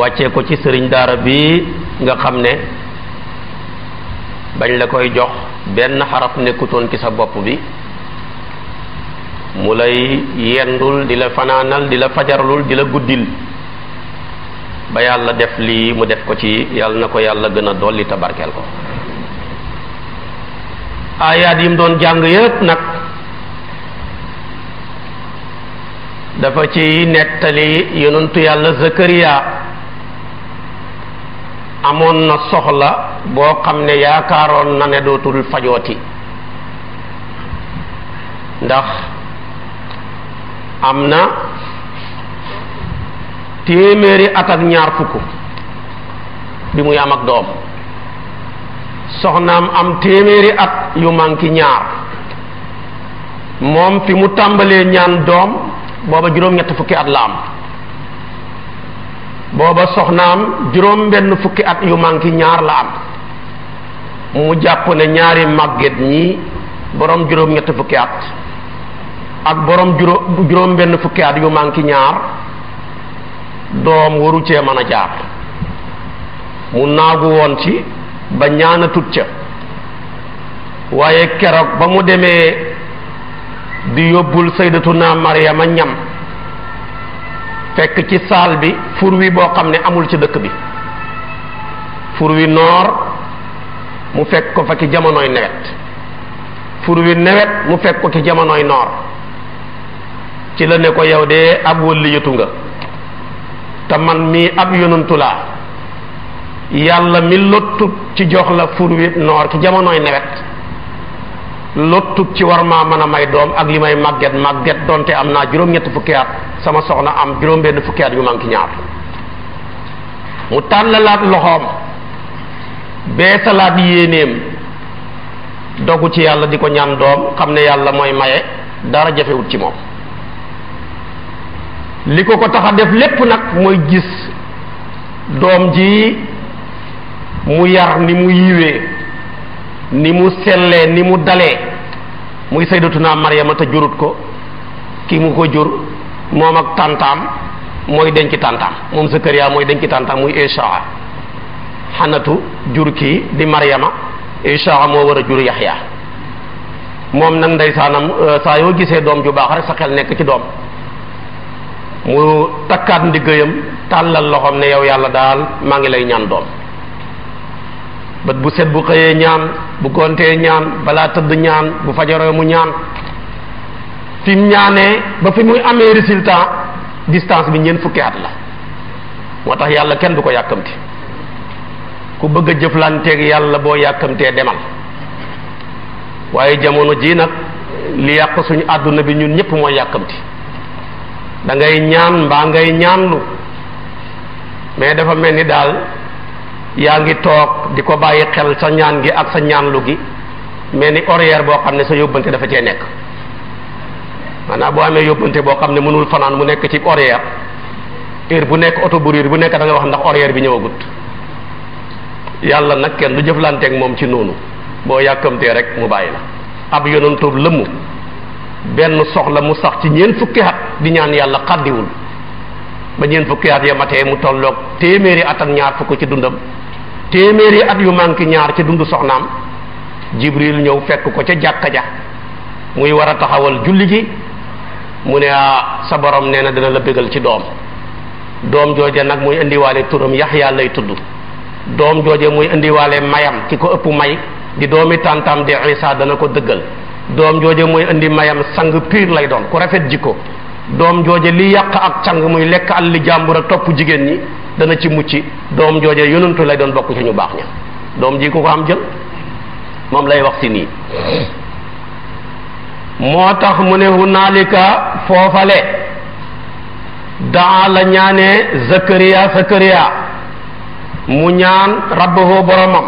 wàccee ko ci sëriñ daara bi nga xam ne bañ la koy jox benn xarab nekkutoon ci sa bopp bi mu lay yendul di la fanaanal di la fajarlul di la guddil ba yàlla def lii mu def ko ci yàlla na ko yàlla gën a dolli te barkeel ko aayaat yi mu doon jàng yépp nag dafa ci nettali yonentu yàlla Zakariya amoon na soxla boo xam ne yaakaaroon na ne dootul fajooti ndax am na téeméeri at ak ñaar fukk bi muy am ak doom soxnaam am téeméeri at yu manki ñaar moom fi mu tàmbalee ñaan doom booba juróom-ñett fukki at la am booba soxnaam juróom benn fukki at yu manqué ñaar la am mu jàpp ne ñaari màgget ñi boroom juróom ñetti fukki at ak boroom juróom juróom fukki at yu manqué ñaar doom waru ci mën a jaar mu naagu woon ci ba ñaana ca waaye keroog ba mu demee di yóbbul saydatuna Maryama ñam fekk ci saal bi fur wi boo xam ne amul ci dëkk bi fur wi noor mu fekk ko fa ci jamonooy nawet fur wi nawet mu fekk ko ci jamonooy noor ci la ne ko yow de ab wëlliyatu nga te man mii ab yonantu laa yàlla mi lottu ci jox la fur wi noor ci jamonooy nawet lottut ci war ma mën a may doom ak li may màgget màgget donte am naa juróom-ñetti fukki sama soxna am juróom-benn fukki at yu manqué ñaar mu tàllalaat loxoom beesalaat yéenéem dogu ci yàlla di ko ñaan doom xam ne yàlla mooy maye dara jafewut ci moom li ko ko tax a def lépp nag mooy gis doom ji mu yar ni mu yiwee ni mu sellee ni mu dalee muy sayyidatuna Maryama te jurut ko ki mu ko jur moom ak tàntaam mooy denc tàntaam moom Zakariya mooy denc tàntaam muy Ishaa xanatu jur kii di Maryama Ishaa moo war a jur Yaxya moom nag ndeysaanam euh, saa yoo gisee doom ju baax rek sa xel nekk ci doom mu takkaat ndiggéeyam tàllal loxoom ne yow yàlla daal maa ngi lay ñaan doom bët bu set bu xëyee ñaan bu gontee ñaan balaa tëdd ñaan bu fajaroo mu ñaan fim ñaanee ba fi muy amee résultat distance bi ñeent fukki at la moo tax yàlla kenn du ko yàkkamti ku bëgg a jëflanteeg yàlla boo yàkkamtee demal waaye jamono ji nag li yàq suñu àdduna bi ñun ñëpp mooy yàkkamti dangay ngay ñaan mbaa ngay ñaanlu mais dafa mel ni daal yaa ngi toog di ko bàyyi xel sa ñaan gi ak sa ñaanlu gi mel ni horaire boo xam ne sa yóbbante dafa cee nekk maanaam boo amee yóbbante boo xam ne mënul fanaan mu nekk ci horaire heure bu nekk oto bu riir bu nekk da wax ndax orier bi ñëwagut yàlla nag kenn du jëflanteeg moom ci noonu boo yàkkamtee rek mu bàyyi la ab yonantoob lëmm benn soxla mu sax ci ñeent fukki at di ñaan yàlla xaddiwul ba ñeent fukki at ya matee mu tolloog téeméeri at ak ñaar fukk ci dundam téeméeri at yu manqué ñaar ci dundu soxnaam jibril ñëw fekk ko ca jàkka ja muy war a taxawal julli gi mu ne a ah, sa borom nee na dana la bégal ci doom doom jooje nag mooy indiwaale turam yaxya lay tudd doom jooje muy indiwaale mayam ki ko ëpp may di doomi tàntam di isa dana ko dëggal doom jooje mooy indi mayam sang piir lay doon ku rafet jikko doom jooje li yàq ak càng muy lekk àll li jàmbur ak topp jigéen ñi dana ci mucc doom jooje yonantu lay doon bokk ci ñu baax ña doom ji ku ko am jël moom lay wax si nii moo tax mu ne hunaalika foofale daa la ñaanee zakariya zakariya mu ñaan rabbahu boromam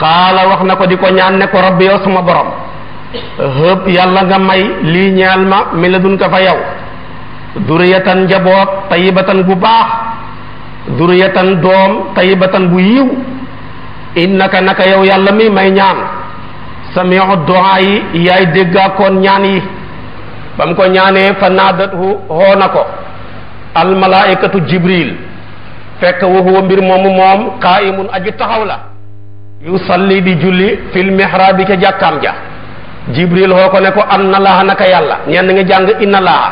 xaala wax na ko di ko ñaan ne ko rabbi yow sama borom xëpp yàlla nga may lii ma mi la dun ka fa yow duriyatan njaboot tayibatan bu baax duriyatan doom tayibatan bu yiw innaka naka yow yàlla mi may ñaan samiu du'a yi yaay déggaakoon ñaan yi ba mu ko ñaanee fa naadathu xoo na ko almalaikatu jibril fekk wa huwa mbir moomu moom qaa'imun aju taxaw la yusalli di julli fil mihraabi ca jàkkaam ja jibril woo ko ne ko am na laaha naka yàlla ñenn nga jàng inna laaha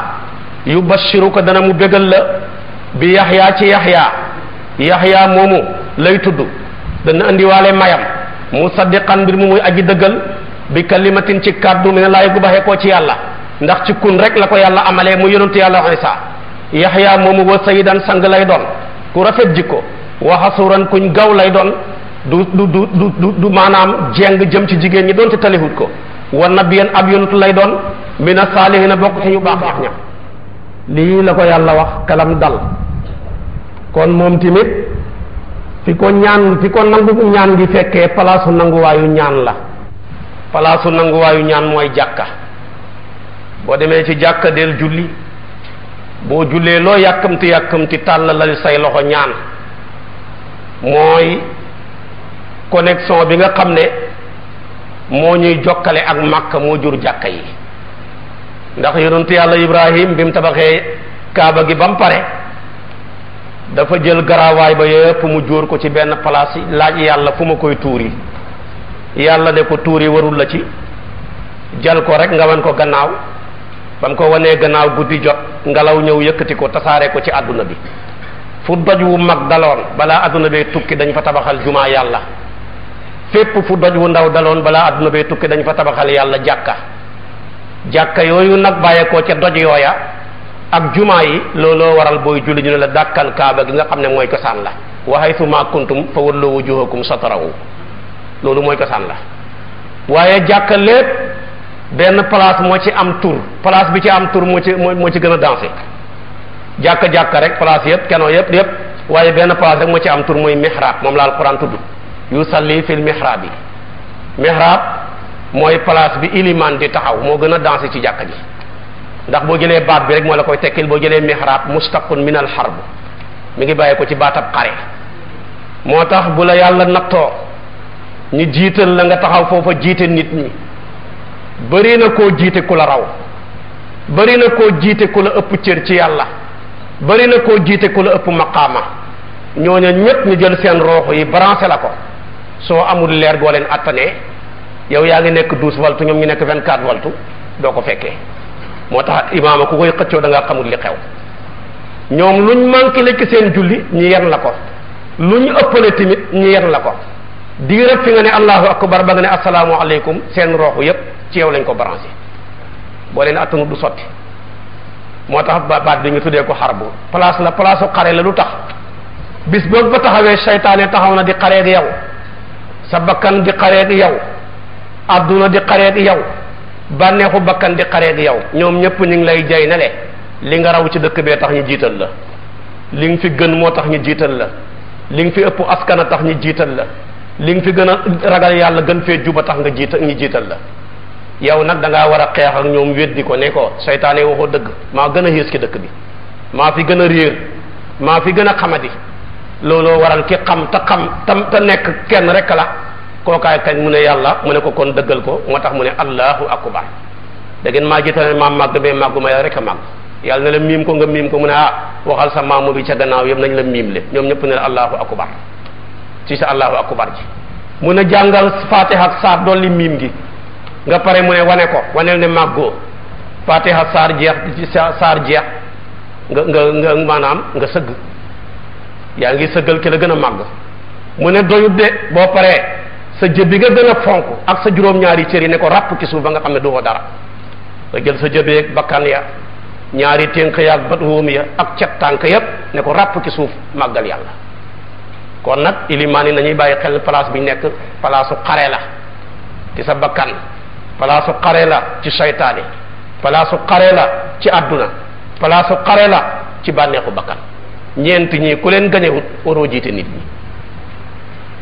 yu bashiru ko dana mu bégal la bi yaxyaa ci yaxyaa yaxyaa moomu lay tudd dana indiwaale mayam mu saddiqan mbir mu muy aji dëggal bi kalimatin ci kàddu mi ne laay gu baxee koo ci yàlla ndax ci kun rek la ko yàlla amalee mu yonentu yàlla Isa yaxyaa moomu wa sayidan sang lay doon ku rafet ko jikko waxasuran kuñ gaw lay doon du du du du du maanaam jeng jëm ci jigéen ñi doon te ko wa nabiyan ab yontu lay doon mina na bokk ci ñu baax ña lii la ko yàlla wax kalam dal kon moom tamit fi ko ñaan fi ko nangu ñaan gi fekkee palaasu nanguwaayu ñaan la palaasu nanguwaayu ñaan mooy jàkka boo demee ci jàkka del julli boo jullee loo yàkkamti yàkkamti tàllalal say loxo ñaan mooy connexion bi nga xam ne moo ñuy jokkale ak makka moo jur jàkka yi ndax yonent yàlla ibrahim bi mu tabaxee kaaba gi ba mu pare dafa jël garaawaay ba yépp mu jóor ko ci benn yi laaj yàlla fu ma koy tuuri yàlla ne ko tuuri warul la ci jal ko rek nga wan ko gannaaw ba mu ko wanee gannaaw guddi jot ngelaw ñëw yëkkati ko tasaare ko ci àdduna bi fu doj wu mag daloon balaa àdduna bee tukki dañ fa tabaxal jumaa yàlla fépp fu doj wu ndaw daloon balaa àdduna bee tukki dañ fa tabaxal yàlla jàkka jàkka yooyu nag bàyyeekoo ca doj yooya ak jumaa yi looloo waral booy julli ñu ne la dàkkal kaaba gi nga xam ne mooy cosaan la wa haythu ma kuntum fa wallu wujuhakum satarahu loolu mooy cosaan la waaye jàkka lépp benn place moo ci am tur place bi ci am tur moo ci moo ci gën a dansé jàkka jàkka rek place yëpp kenoo yëpp yëpp waaye benn place rek moo ci am tur mooy moom la alquran yusalli fil mihraabi mihraab mooy place bi ilimaan di taxaw moo gën a dansé ci jàkka ji ndax boo jëlee baat bi rek moo la koy tekkil boo jëlee mihraab mustaqun min al harb mu ngi bàyyi ko ci baatab xare moo tax bu la yàlla nattoo ñu jiital la nga taxaw foofa jiite nit ñi bëri na koo jiite ku la raw bëri na koo jiite ku la ëpp cër ci yàlla bëri na koo jiite ku la ëpp maqaama ñooñu ñëpp ñu jël seen roox yi branché la ko soo amul leer boo leen attanee yow yaa ngi nekk douze waltu ñoom ñu nekk vingt quatre waltu doo ko fekkee moo tax imaama ku koy xëccoo da ngaa xamul li xew ñoom luñ manqué lekk seen julli ñu yen la ko luñ ëppale tamit ñu yen la ko diirab fi nga ne allahu akbar ba nga ne asalaamaaleykum seen rooxu yépp ci yow lañ ko branché boo leen attanu du sotti moo tax baat bi ñu tuddee ko xar bu place la place u xare la lu tax bis boobu ba taxawee seytaane taxaw na di xaree ak yow sa bakkan di xareeg yow adduna di xareeg yow bànneexu bakkan di xareeg yow ñoom ñëpp ñu ngi lay jay nele li nga raw ci dëkk bee tax ñu jiital la li nga fi gën moo tax ñu jiital la li nga fi ëpp askan tax ñu jiital la li nga fi gën a ragal yàlla gën fee juba tax nga jiita ñu jiital la yow nag da war a xeex ak ñoom weddi ko ne ko seytaane waxoo dëgg maa gën a xiis ci dëkk bi maa fi gën a réer maa fi gën a xamadi looloo waral ki xam te xam tam te nekk kenn rek la kookaay kañ mu ne yàlla mu ne ko kon dëggal ko moo tax mu ne allahu akbar da ngeen maa jiitale maam màgg bee màggu ma yàlla rek a màgg yàlla ne la miim ko nga miim ko mu ne ah waxal sa maamu ca gannaaw yëpp nañ la miim le ñoom ñëpp ne la allahu akbar ci sa allahu akbar ji mu ne jàngal fatiha ak saar dolli miim gi nga pare mu ne wane ko waneel ne màggoo fatiha saar jeex saar jeex nga nga nga maanaam nga sëgg yaa ngi sëggal ki la gën a màgg mu ne doyut de boo paree sa jëb bi nga gën a fonk ak sa juróom-ñaari cër yi ne ko ràpp ci suuf ba nga xam ne du ko dara nga jël sa jëbeeg bakkan ya ñaari ténk ya ak bat wóom ya ak cet tànk yépp ne ko ràpp ci suuf màggal yàlla kon nag nañuy bàyyi xel place bi nekk palaasu xare la ci sa bakkan palaasu xare la ci palaasu xare la ci àdduna palaasu xare la ci bànneexu bakkan ñeent ñii ku leen gañewut waroo jiite nit ñi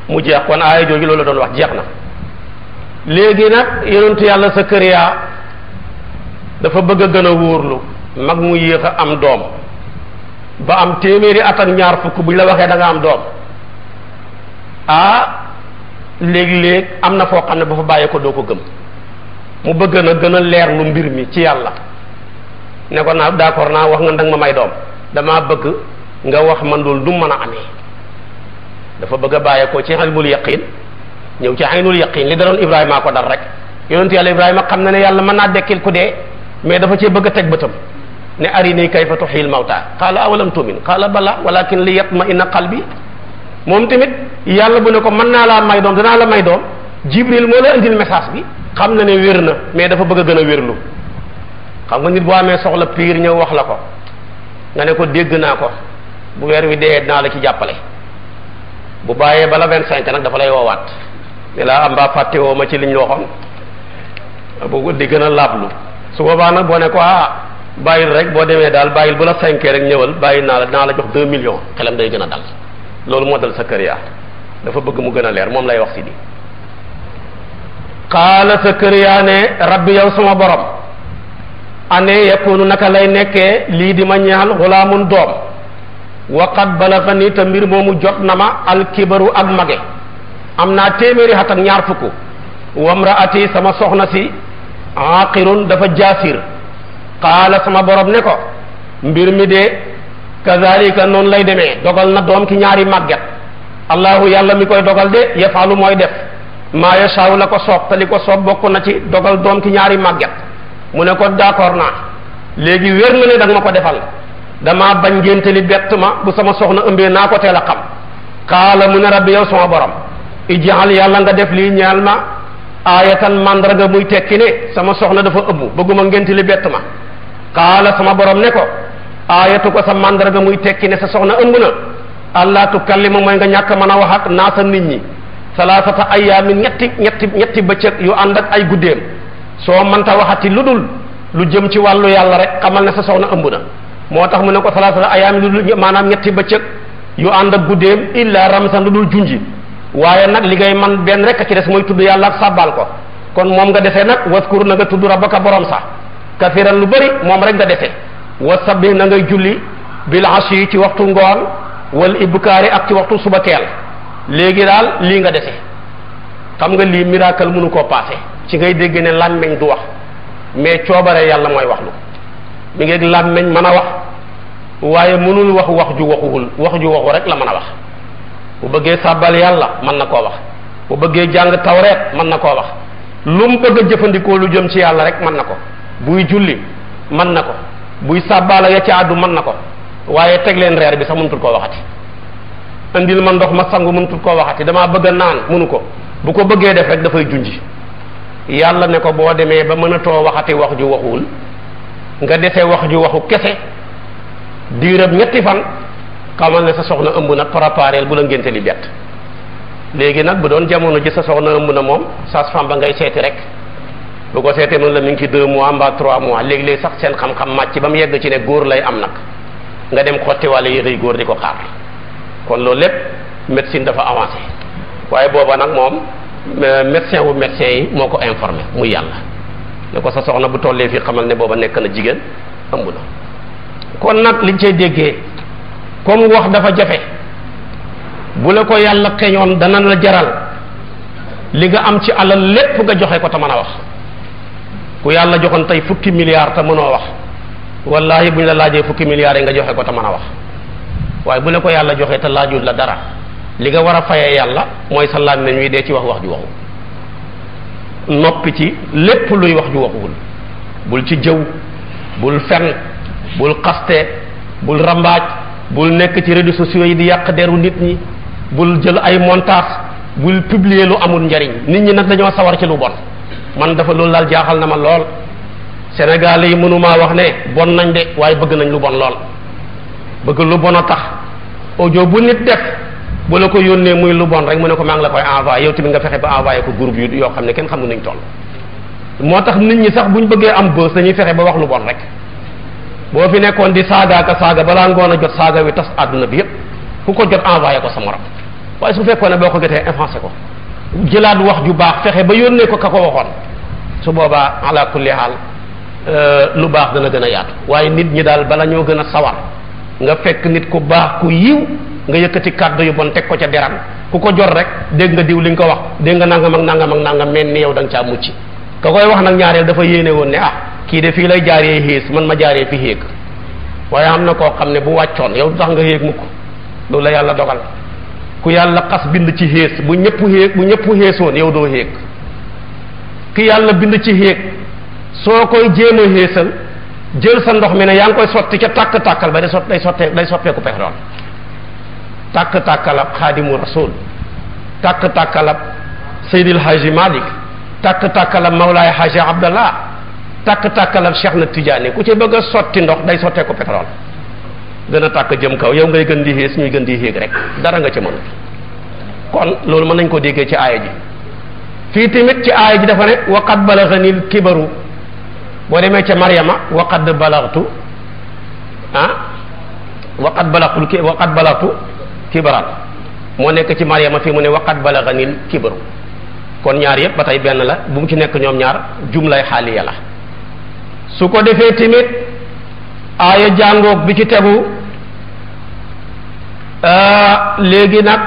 mu jeex kon aaya jooju loolu doon wax jeex na léegi nag yonentu yàlla Sakariya dafa bëgg a gën a wóorlu mag mu yéex a am doom ba am téeméeri at ñaar fukk buñ la waxee danga am doom ah léeg-léeg am na foo xam ne ba fa bàyyee ko doo ko gëm mu bëgg na gën a leer lu mbir mi ci yàlla ne ko naa d'accord naa wax nga nag ma may doom damaa bëgg nga wax man loolu du mën a amee dafa bëgg a bàyyee ko ci ilmul yaqin ñëw ci aynul yaqin li daloon Ibrahima ko dal rek yonentu yàlla Ibrahima xam na ne yàlla mën naa dekkil ku dee mais dafa cee bëgg a teg bëtam ne arini kayfa tuxyil mawta qaala awalam tumin qaala bala walakin li yatma inna qalbi moom tamit yàlla bu ne ko mën naa laa may doom danaa la may doom jibril moo la indil message bi xam na ne wér na mais dafa bëgg a gën a wérlu xam nga nit boo amee soxla piir ñëw wax la ko nga ne ko dégg naa ko bu weer wi dee naa la ci jàppale bu bàyyee bala vingt cinq nag dafa lay woowaat ne laa am mbaa fàtte woo ma ci liñ waxoon bu di gën a laablu su boobaa nag boo ne ko ah bàyyil rek boo demee daal bàyyil bu la cinqué rek ñëwal bàyyi naa la naa la jox deux millions xelam day gën a dal loolu moo dal sa kër yaa dafa bëgg mu gën a leer moom lay wax si di xaala sa kër yaa ne rabbi yow sama borom année yakunu naka lay nekkee lii di ma ñaal xulaamun waqat balaxa ni te mbir moomu jot na ma alkibaru ak mage am naa téeméeri xat ak ñaar fukk wamraati sama soxna si aqirun dafa jaasir qaala sama borom ne ko mbir mi de kazalika noonu lay demee dogal na doom ki ñaari màgget allahu yàlla mi koy dogal de yafalu mooy def maa yashaaw la ko soob te li ko soob bokk na ci dogal doom ki ñaari màgget mu ne ko d'accord naa léegi wér na ne danga ko defal dama bañ ngénte li bett ma bu sama soxna ëmbé na ko téla xam qala mun rabbi yaw sama borom ijaal yàlla nga def li ñaal ma aayatan màndarga muy tekki ne sama soxna dafa ëmb bëgguma ngénte li bett ma xaala sama borom ne ko ayatu ko sa màndarga muy tekki ne sa soxna ëmb na allah tukallima moy nga ñàkk mëna wax ak naa sa nit ñi salasata ayaamin ñetti ñetti ñetti bëcëk yu and ak ay guddeem soo mënta waxati lu lu jëm ci walu yalla rek xamal ne sa soxna ëmb na moo tax mu ne ko salaasala ayaami lu dul maanaam ñetti bëccëg yu ànd ak guddeem illa ramsan lu dul junji waaye nag li ngay man benn rek a ci des mooy tudd yàlla ak sàbbaal ko kon moom nga defee nag waskur na nga tudd rabbaka borom sa kafiran lu bëri moom rek nga defee wasabbih na ngay julli bil ashi ci waxtu ngoon wal ibkaari ak ci waxtu suba teel léegi daal lii nga dese xam nga lii miracle mënu ko passé ci ngay dégg ne làmmiñ du wax mais coobare yàlla mooy wax mi ngi ak làmmeñ mën a wax waaye mënul wax wax ju waxuwul wax ju waxu rek la mën a wax bu bëggee sàbbal yàlla mën na koo wax bu bëggee jàng tawreet mën na koo wax lu mu bëgg jëfandikoo lu jëm ci yàlla rek mën na ko buy julli mën na ko buy sàbbaala ya ci àddu mën na ko waaye teg leen reer bi sax mënutul koo waxati indil ma ndox ma sangu mënutul koo waxati damaa bëgg a naan mënu ko bu ko bëggee def rek dafay junji yàlla ne ko boo demee ba mën a too waxati wax ju waxuwul nga defee wax ju waxu kese diiram ñetti fan xamal ne sa soxna ëmb na préparel bu la ngénte li bett léegi nag bu doon jamono ji sa soxna ëmb na moom sas fam ngay seeti rek bu ko seetee mën la mi ngi ci deux mois mbaa trois mois léegi-léegi sax seen xam-xam màcc ba mu yegg ci ne góor lay am nag nga dem xotti wàlle yëxëy góor di ko xaar kon loolu lépp médecine dafa avancé waaye booba nag moom médecin wu médecin yi moo ko informé muy yàlla ne ko sa soxna bu tollee fii xamal ne booba nekk na jigéen ëmb na kon nag liñ cay déggee comme wax dafa jafe bu la ko yàlla xeñoon dana la jaral li nga am ci alal lépp nga joxe ko te mën a wax ku yàlla joxoon tey fukki milliards te mënoo wax wallahi bu ñu la laajee fukki milliar yi nga joxe ko te mën a wax waaye bu la ko yàlla joxee te laajul la dara li nga war a fayee yàlla mooy sa làmmiñ wi dee ci wax wax ju waxu noppi ci lépp luy wax ju waxuwul bul ci jëw bul fen bul xaste bul rambaaj bul nekk ci réseaux sociaux yi di yàq deru nit ñi bul jël ay montage bul publier lu amul njariñ nit ñi nag dañoo sawar ci lu bon man dafa loolu daal jaaxal na ma lool Sénégalais yi mënuma wax ne bon nañ de waaye bëgg nañ lu bon lool bëgg lu bon a tax audio bu nit def bu la ko yónnee muy lu bon rek mu ne ko maa ngi la koy envoyé yow tamit nga fexe ba envoyé ko groupe yu xam ne kenn xamu nañ toll moo tax nit ñi sax bu ñu bëggee am bës dañuy fexe ba wax lu bon rek boo fi nekkoon di saagaaka saaga balaa ngoon a jot saaga wi tas àdduna bi yëpp ku ko jot envoyé ko sa morom waaye su fekkoon ne boo ko jotee influencé ko jëlaat wax ju baax fexe ba yónnee ko ka ko waxoon su boobaa ala kulli haal euh, lu baax dana gën a yaatu waaye nit ñi daal bala ñoo gën a sawar nga fekk nit ku baax ku nga yëkkati kàddu yu bon teg ko ca deram ku ko jot rek dégg nga diw li nga ko wax dégg nga nangam ak nangam ak nangam mel ni yow da nga caa mucc ka koy wax nag ñaareel dafa yéene woon ne ah kii de fii lay jaaree xiis man ma jaaree fi xéeg waaye am na koo xam ne bu wàccoon yow tax nga xéeg mukk loolu la yàlla dogal ku yàlla xas bind ci xées bu ñëpp xéeg bu ñëpp xeesoon yow doo xéeg ki yàlla bind ci xéeg soo koy jéem a jël sa ndox mi ne yaa ngi koy sotti ca tàkk-tàkkal ba day sot day sottee day sotteeku pétrole tàkk-tàkkalab xaadimu rasul tàkk-tàkkalab seydil haji malik tàkk-tàkkalab mawlaay haji abdallah tàkk-tàkkalab cheikh na tijaani ku ci bëgg sotti ndox day sottee ko pétrole gën a tàkk jëm kaw yow ngay gën di xiis ñuy gën di xiig rek dara nga ci mën kon loolu mën nañ koo déggee ci aaya ji fii tamit ci aaya ji dafa ne waqad balaganil kibaru boo demee ca maryama waqad balagtu ah waqad balagtu waqad balagtu kibran moo nekk ci Maryama fii mu ne waqat balaganil kibru kon ñaar yëpp ba tey benn la bu mu ci nekk ñoom ñaar jumlay xaaliya la su ko defee tamit aaya jàngook bi ci tegu euh, léegi nag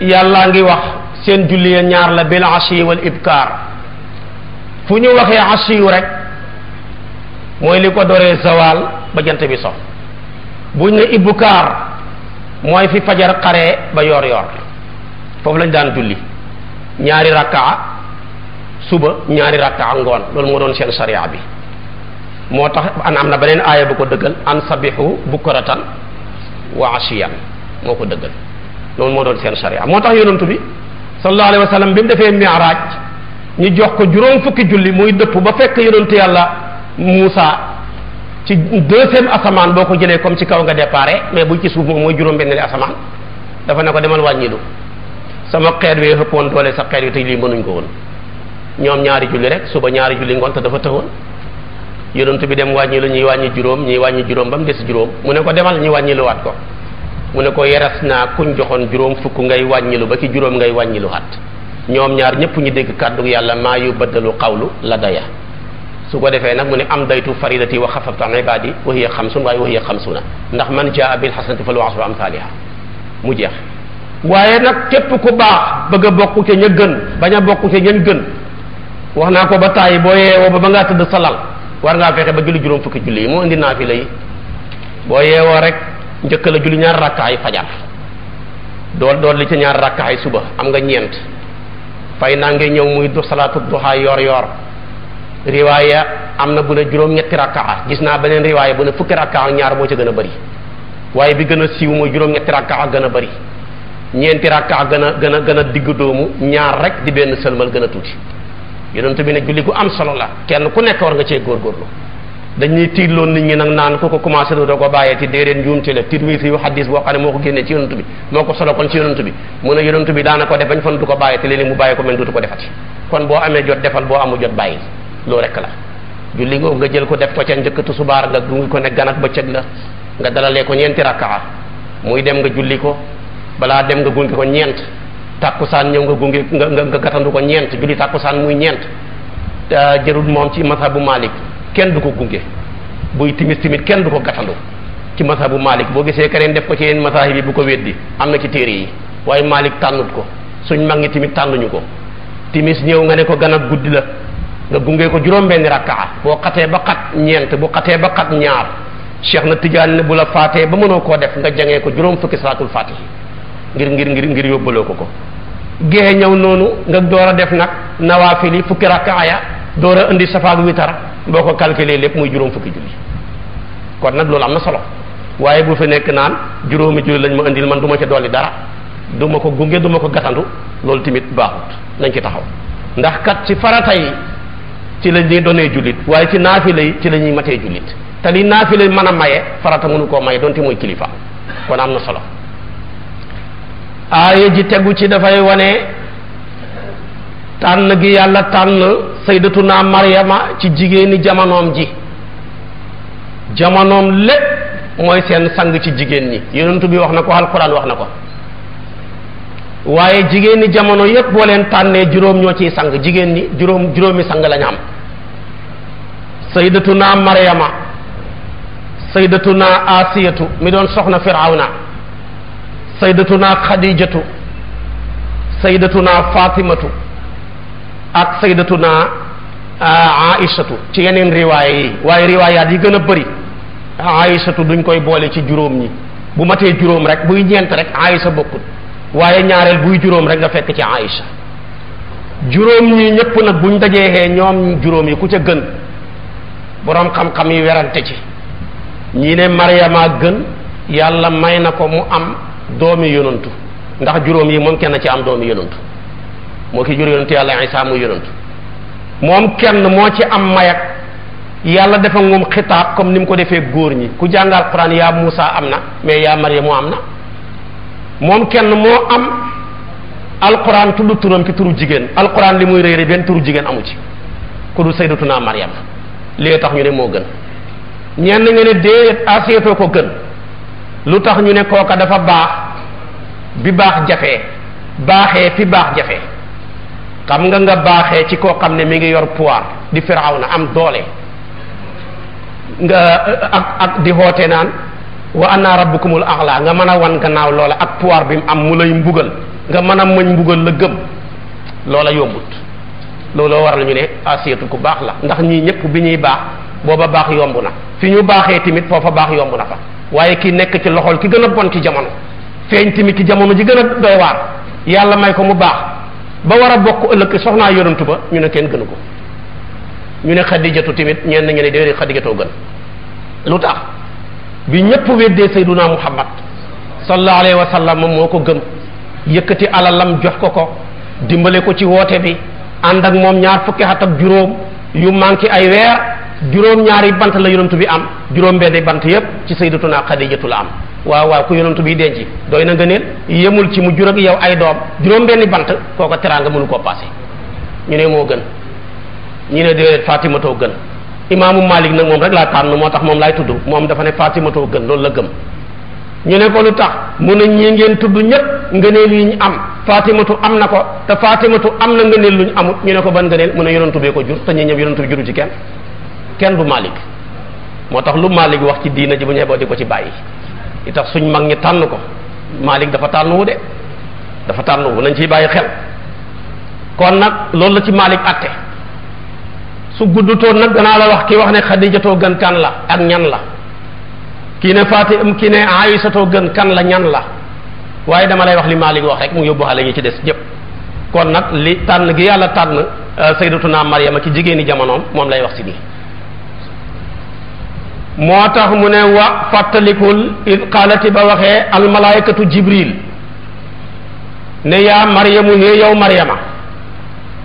yàllaa ngi wax seen julli ñaar la benn ashi wal ibkaar fu ñu waxee ashiyu rek mooy li ko doree zawal ba jant bi so buñ ne ibkaar mooy fi fajar xaree ba yoor yoor foofu lañ daan julli ñaari rakkaa suba ñaari rakkaa ngoon loolu moo doon seen sariya bi moo tax an am na beneen aaya bu ko dëggal an sabihu bukratan wa asiyan moo ko dëggal loolu moo doon seen sariya moo tax yonantu bi sallallahu alayhi wa bi mu defee mi'raaj ñu jox ko juróom fukki julli muy dëpp ba fekk yonantu yàlla Muusa ci deuxième asaman boko ko jëlee comme ci kaw nga déparé mais bu ci suuf moom mooy juróom benn asamaan dafa ne ko demal sama xeet wee xëppoon doole sa xeet wi nyari lii mënuñ ko woon ñoom ñaari julli rek suba ñaari julli ngoon te dafa tëwoon yonent bi dem wàññi lu ñuy des juróom mu ne ko demal ñu wàññi luwaat ko mu ne ko yeras naa kuñ joxoon juróom fukk ngay wàññilu ba ki juróom ngay wàññilu hat Nyom ñaar ñëpp ñu dégg kàddu yàlla maa yu la daya su ko defee nag mu ne am daytu faridati wa xafaftu an ibadi wa hiya xamsun waaye wa hiya xamsuna ndax man jaa bil xasanati fal waasru amsaaliha mu jeex waaye nag képp ku baax bëgg a bokk ca ña gën bañ a bokk ca ñan gën wax naa ko ba tàyyi boo yeewoo ba ba ngaa tëdd sa war ngaa fexe ba julli juróom fukki julli yi moo indi naa fi lay boo yeewoo rek njëkk la julli ñaar rakkaay fajar dool dool li ci ñaar rakkaay suba am nga fay naa ngay ñëw muy du yor yor riwaaya am na bu ne juróom-ñetti rakkaa gis naa beneen riwaaya bu ne fukki rakkaa ñaar moo ca gën a bëri waaye bi gën a siiw mooy juróom-ñetti rakkaa gën a bëri ñeenti rakkaa gën a gën a gën a digg doomu ñaar rek di benn sëlmal gën a tuuti yonent bi ne julli gu am solo la kenn ku nekk war nga cee góorgóorlu dañuy tiitloon nit ñi nag naan ku ko commencé doo ko bàyyee ti déedéet njuumte la Tirmisi yu xadis boo xam ne moo ko génnee ci yonent bi moo ko solo kon ci yonent bi mu ne yonent bi ko def bañ fan du ko ko mel dutu ko defati kon boo defal boo amul jot bàyyi loo rek la julli googu nga jël ko def ko ca njëkk tusubaar nga dungi ko ne gan ak bëccëg la nga dalalee ko ñeenti rakkaa muy dem nga julli ko balaa dem nga ko nga nga nga gatandu ko julli muy jërul ci malik kenn du ko gunge buy timis timit kenn du ko gatandu ci malik boo gisee keneen def ko ci yeneen mazahib bu ko weddi ci yi malik tànnut ko suñ mag timit ko timis ñëw nga ne ko ganab guddi nga gungé ko juroom benn rakkaa boo xatee ba xat ñeent bu xatee ba xat ñaar cheikh na tijaan ne bu la faatee ba def nga jangee ko juróom fukki fatih ngir ngir ngir ngir yóbbaloo ko ko géexe ñëw noonu nga doora def nak nawaafili fukki rakkaa ya doora a indi safaak witar boo ko calculé lépp muy juróom fukki julli kon nag loolu am solo bu fi naan julli lañ ma man du ma ca dara du ko du ko gatandu loolu tamit baaxut nañ ci taxaw ndax kat ci farata yi ci lañ lay donee jullit waaye ci naafila yi ci la ñuy matee jullit te li naafila yi mën a maye farata mënu koo maye donte mooy kilifa kon am na solo aaya ji tegu ci dafay wane tànn gi yàlla tànn saydatuna maryama ci jigéeni jamonoom ji jamonoom lépp mooy seen sang ci jigéen ñi yonentu bi wax na ko alquran wax na ko waaye jigéeni jamono yépp boo leen tànnee juróom ñoo ciy sang jigéen ñi juróom juróomi sang lañ am saydatuna maryama saydatuna asiyatu mi doon soxna firawna saydatuna xadijatu saydatuna fatimatu ak sëydatu saydatuna ah, aishatu ci yeneen riwaaya yi waaye riwaayaat yi gën a bëri aishatu duñ koy boole ci juróom ñi bu matee juróom rek buy ñeent rek aisha bokkut waaye ñaareel buy juróom rek nga fekk ci aisha juróom ñi ñëpp nag buñ dajee ñoom juróom yi ku ca gën boroom xam-xam yi werante ci ñii ne Maryama gën yàlla may na ko mu am doomi yonantu ndax juróom yi moom kenn ci am doomi yonantu moo ki jur yonantu yàlla Isaa mu yonantu moom kenn moo ci am mayak yàlla dafa moom xitaab comme ni mu ko defee góor ñi ku jàngal Quran yaa Muusa am na mais yaa Maryam moo am na moom kenn moo am alquran tudd turam ci turu jigéen alquran li muy réere benn turu jigéen amu ci ku dul sayyidatuna Maryam lii tax ñu ne moo gën ñenn nga ne déet aseetoo ko gën lu tax ñu ne kooka dafa baax bi baax jafee baaxee fi baax jafee xam nga nga baaxee ci koo xam ne mi ngi yor pouvoir di firaw na am doole nga ak ak di xoote naan wa ana rabbukumul axla nga mën a wan gannaaw loola ak pouvoir bi mu am mu lay mbugal nga mën a mëñ mbugal la gëm loola yombut looloo waral ñu ne asiyatu ku baax la ndax ñii ñëpp bi ñuy baax booba baax yomb na fi ñu baaxee tamit foofa baax yomb na fa waaye ki nekk ci loxool ki gën a bon ci jamono feeñ tamit ki jamono ji gën a doy waar yàlla may ko mu baax ba war a bokk ëllëg soxnaa yonantu ba ñu ne kenn gënu ko ñu ne xadijatu tamit ñenn ñeneen déedéet xadijatoo gën lu tax bi ñëpp weddee sayduna muhammad sallallahu alayhi wa sallam moom moo ko gëm yëkkati alalam jox ko ko dimbale ko ci woote bi ànd ak moom ñaar fukki at ak juróom yu manqué ay weer juróom ñaari bant la yonent bi am juróom benni bant yépp ci sayyidatuna Xadijatu la am waaw waaw ku yonent bi denc doy na nga neel yemul ci mu jur yow ay doom juróom benni bant kooko teraanga mënu koo passé ñu ne moo gën ñu ne déedéet Fatimatoo gën imaamu Malik nag moom rek laa tànn moo tax moom laay tudd moom dafa ne Fatimatoo gën loolu la gëm ñu ne ko lu tax mu ne ñi ngeen tudd ñëpp ñu am fatimatu am na ko te fatimatu am na ngëneel luñ amut ñu ne ko ban ngëneel mu ne yonantu ko jur te ñi ñëpp juru ci kenn kenn du malik moo lu malik wax ci diina ji bu ñeboo di ko ci tax suñ mag ñi ko malik dafa tànn wu de dafa tànn wu nañ ciy bàyyi xel kon loolu la ci malik atte su guddutoon nag danaa la wax ki wax ne xadijatoo la ak ñan la kii ne Fatima kii ne Aysatoo gën kan la ñan la waaye dama lay wax li Maalik wax rek mu yóbbu xale ñi ci des ñëpp kon nag li tànn gi yàlla tànn euh, sayyidatuna Maryama ci jigéeni jamonoom moom lay wax si nii moo tax mu ne wa fàttalikul id qaalati ba waxee almalaykatu jibril ne yaa maryamu hé yow maryama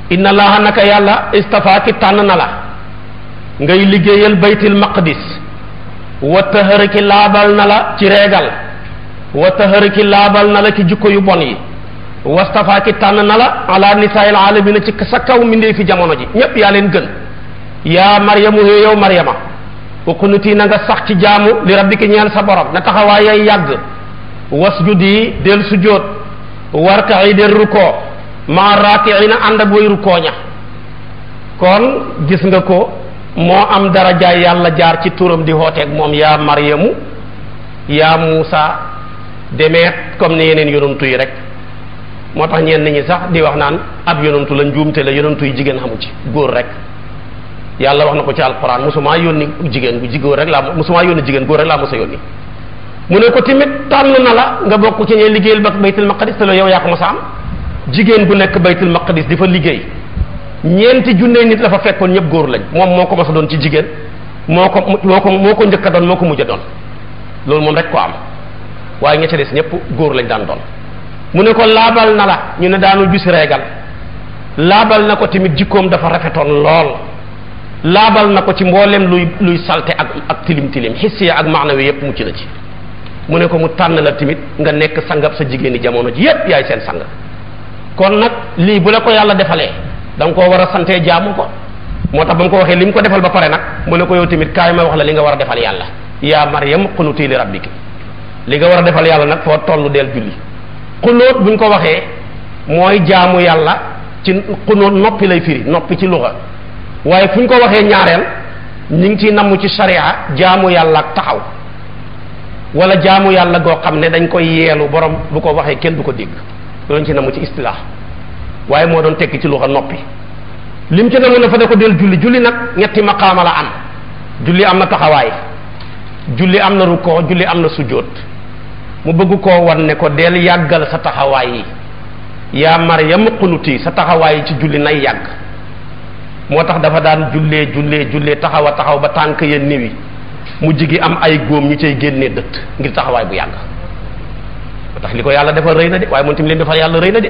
inna allaha naka yàlla istafaaki tànn na la ngay liggéeyal baytil maqdis wa taxar ki laabal na la ci reegal wa taxar ki laabal na la ci jikko yu bon yi wastafa ki tànn na la ala nisaa'il aalamiina ci sa kaw mindee fi jamono ji ñépp yaa leen gën yaa maryamu hee yow maryama ukunuti na nga sax ci jaamu li rabbiki ñeel sa borom na taxawaay yay yàgg wasjudi del sujjóot warka'i del rukkoo maa raaki'iina ànd ak way rukkoo ña kon gis nga ko moo am dara daraja yàlla jaar ci turam di hooteeg moom yaa maryamu yaa muusa demeet comme ni yeneen yonantu yi rek moo tax ñenn ñi sax di wax naan ab yonantu la njuumte la yonantu yi jigéen xamu ci góor rek yàlla wax na ko ci alquran mosumaa yónni jigéen gu jigóor rek laa mosumaa yónni jigéen góor rek laa mos a yónni mu ne ko tamit tànn na la nga bokk ci ñee liggéeyal ba baytul maqdis te loolu yow yaa ko mos a am jigéen bu nekk baytul maqdis di fa liggéey ñeenti junne nit la fa fekkoon ñëpp góor lañ moom moo ko mas doon ci jigéen moo ko moo ko moo ko njëkk a doon moo ko mujj a doon loolu moom rek ko am waaye ña ca des ñëpp góor lañ daan doon mu ne ko laabal na la ñu ne daanul bis reegal laabal na ko tamit jikkoom dafa rafetoon lool laabal na ko ci mboolem luy luy salte ak ak tilim tilim xissiya ak maanawi yëpp mucc na ci mu ne ko mu tànn la tamit nga nekk sangab sa jigéeni jamono ji yëpp yaay seen ko yàlla defalee da nga koo war a santee jaamu ko moo tax ba mu ko waxee li mu ko defal ba pare nag mu ne ko yow tamit kaay ma wax la li nga war a defal yàlla yaa Maryam qunuti bi ki li nga war a defal yàlla nag foo tollu del julli xunóot buñ ko waxee mooy jaamu yàlla ci xunóot noppi lay firi noppi ci luxa waaye fu ñu ko waxee ñaareel ñu ngi ciy namm ci sharia jaamu yàlla ak taxaw wala jaamu yàlla goo xam ne dañ koy yeelu borom bu ko waxee kenn du ko dégg loolu ci namm ci istilaax waaye moo doon tekki ci luxa noppi lim ci nangu na fa ne ko del julli julli nag ñetti maqaama la am julli am na taxawaay julli am na rukkoo julli am na sujjóot mu bëgg koo wan ne ko del yàggal sa taxawaay yi yaa Maryam qunuti sa taxawaay yi ci julli nay yàgg moo tax dafa daan jullee jullee jullee taxawa taxaw ba tànk ya néwi mu jigi am ay góom ñu cay génnee dëtt ngir taxawaay bu yàgg moo tax li ko yàlla defal rëy na de waaye moom tamit yàlla rëy na de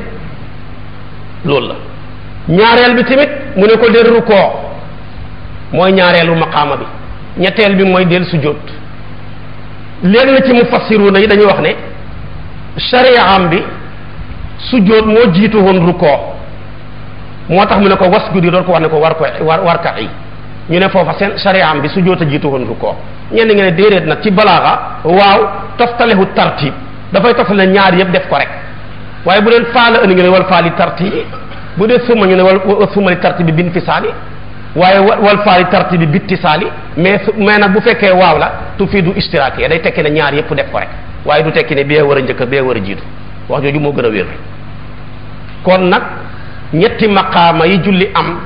loolu la ñaareel bi tamit mu ne ko del rukkoo mooy ñaareelu maqaama bi ñetteel bi mooy del sujjóot léegi na ci mufassiruna yi dañuy wax ne shari'am bi sujjóot moo jiitu woon rukkoo moo tax mu ne ko wasjudi doon ko wax ne ko war ko war ñu ne foofa seen shari'am bi sujjóot a jiitu woon rukkoo ñenn ngeen ne déedéet nag ci balaaxa waaw toftalehu tartib dafay toftale ñaar yëpp def ko rek waaye bu leen faala ëndi nga ne wal tarti yi bu dee suma ñu ne wal sumali tarti bi bin fi saali waaye wal faali tarti bi bitti saali mais mais nag bu fekkee waaw la tu fii du istiraak ya day tekki ne ñaar yëpp def ko rek waaye du tekki ne bee war a njëkk bee war a jiitu wax jooju moo gën a wér kon nag ñetti maqaama yi julli am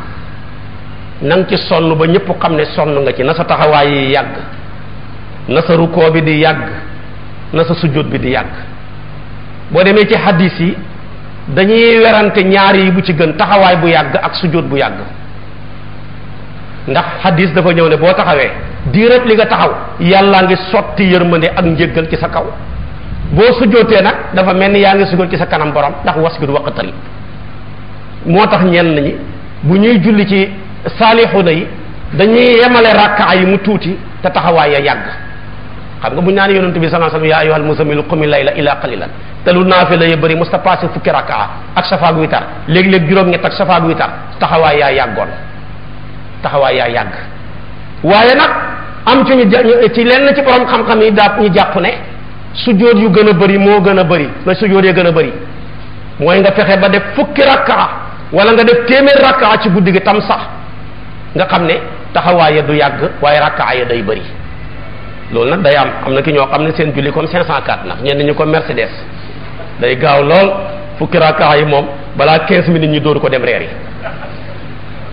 nang nga ci sonn ba ñëpp xam ne sonn nga ci na sa taxawaay yi yàgg na sa rukoo bi di yàgg na sa sujjóot bi di yàgg boo demee ci hadis yi dañuy werante ñaar yi bu ci gën taxawaay bu yàgg ak sujjóot bu yàgg ndax hadis dafa ñëw ne boo taxawee diirab li nga taxaw yàllaa ngi sotti yërmande ak njéggal ci sa kaw boo sujjóotee nag dafa mel ni yaa ngi sujjóot ci sa kanam borom ndax was wasjud waqtarib moo tax ñenn ñi bu ñuy julli ci saalixuna yi dañuy yemale rakka yi mu tuuti te taxawaay ya yàgg xam nga bu ñaan yonent bi sallallahu alayhi wasallam yaa ayyuhal te lu naafila ya bëri mos ta passé fukki rakaa ak léeg-léeg juróom-ñett ak safaag witar taxawaay yaa yàggoon taxawaay yaa yàgg waaye nag am ci ñu ci lenn ci borom xam-xam yi daa ñu jàpp ne sujjóot yu gën a bëri moo gën a bëri la sujjóot ya gën a bari mooy nga fexe ba def fukki rakkaa wala nga def téeméer rakkaa ci guddi gi tam sax nga xam ne taxawaay ya du yàgg waaye rakkaa ya day bëri loolu nag day am am na ki ñoo xam ne seen julli comme 504 ñu ko mercedes day gaaw lool fukki rakaxa yi moom balaa 15 minutes ñu dóor ko dem reer yi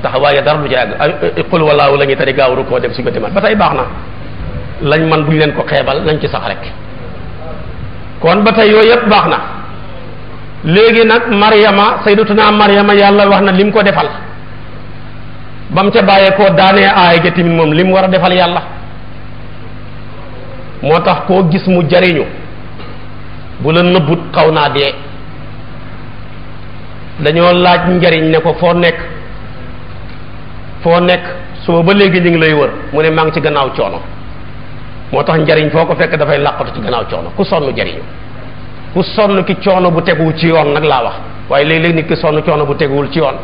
taxawaaye ya dara du ci xul walaawu la ñuy tari gaawru koo dem su demal ba tey baax na lañ man buñ leen ko xeebal nañ ci sax rek kon ba tey yooyu yëpp baax na léegi nag mariama sayyidatuna mariama yàlla wax na lim ko defal bam ca bàyyee koo daanee aaya ja timit moom lim war a defal yàlla moo tax koo gis mu jariñu bu la nëbbut xaw naa dee dañoo laaj njariñ ne ko foo nekk foo nekk suba ba léegi ñu ngi lay wër mu ne maa ci gannaaw coono moo tax njariñ foo ko fekk dafay làqatu ci gannaaw coono ku sonn jariñu ku sonn ki coono bu teguwul ci yoon nag laa wax waaye léeg-léeg nit ki sonn coono bu teguwul ci yoon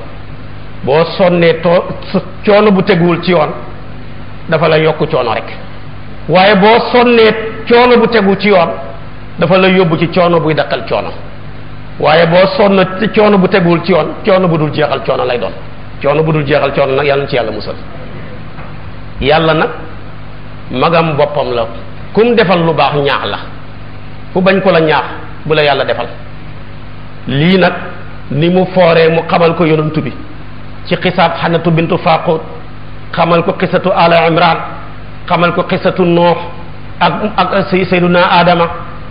boo sonnee too coono bu teguwul ci yoon dafa la yokk coono rek waaye boo sonnee coono bu tegu ci yoon dafa la yóbbu ci coono buy daqal coono waaye boo sonn ci coono bu tegul ci yoon coono bu dul jeexal coono lay doon coono bu dul jeexal coono nag yàlla na ci yàlla musal yàlla nag magam boppam la kum defal lu baax ñaax la ku bañ ko la ñaax bu la yàlla defal lii nag ni mu fooree mu xamal ko yonantu bi ci xisaab xanatu bintu faaqut xamal ko xisatu ala imran xamal ko xisatu noox ak ak sayduna aadama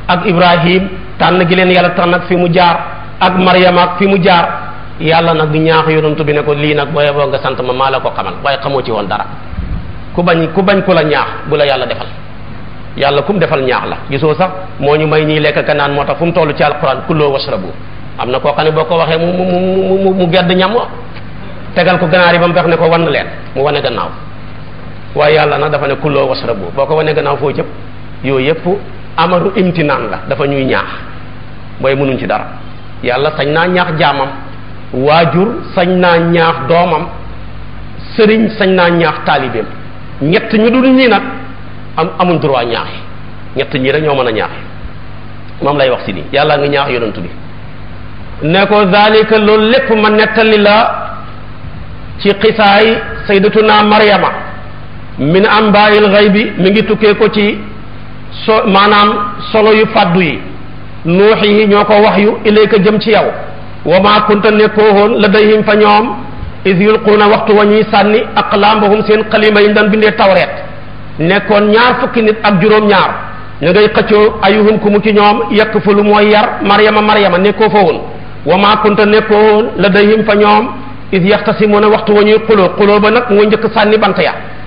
ak ibrahim tànn gi leen yàlla tànn ak fi mu jaar ak maryam ak fi mu jaar yàlla nag di ñaax yonantu bi ne ko lii nag booye boo sant ma maa la ko xamal waaye xamoo ci woon dara ku ku bañ ku la ñaax bu la yàlla defal yàlla kum defal ñaax la gisoo sax moo ñu may ñiy lekk ka naan moo tax fu mu toll ci alquran kulloo washrabu am na koo xam ne boo ko waxee mu mu mu mu gedd ñam tegal ko ganaar yi ba mu fex ne ko wan leen mu wane gannaaw waaye yàlla na dafa ne kulloo wasrabu boo ko wanee gannaaw foo jëpp yooyu yëpp amaru imtinaan la dafa ñuy ñaax mooy mënuñ ci dara yàlla sañ naa ñaax jaamam waajur sañ naa ñaax doomam sëriñ sañ naa ñaax taalibeem ñett ñu dul ñii am amuñ droit ñaax ñett ñii rek ñoo mën a ñaax moom lay wax si nii yàlla ngi ñaax yonantu bi ne ko zalika loolu lépp ma nettali la ci xisaay sayyidatuna maryama min ambaayil bi mu ngi tukkee ko ci so maanaam solo yu fàddu yi nuux yi ñoo ko wax yu ilayka jëm ci yow wa maa kunta nekkoo woon la dayhim fa ñoom is yulquuna waxtu wa ñuy sànni ak aqlaambahum seen xalima yi ñu daan bindee tawreet nekkoon ñaar fukki nit ak juróom-ñaar ñu ngay xëccoo ayuhum ku mu ci ñoom yekk fa lu mooy yar maryama maryama nekkoo fa woon wa maa kunta nekkoo woon la dayhim fa ñoom is yaxtasimuuna waxtu wa ñuy xuloo xuloo ba nag mooy njëkk sànni bant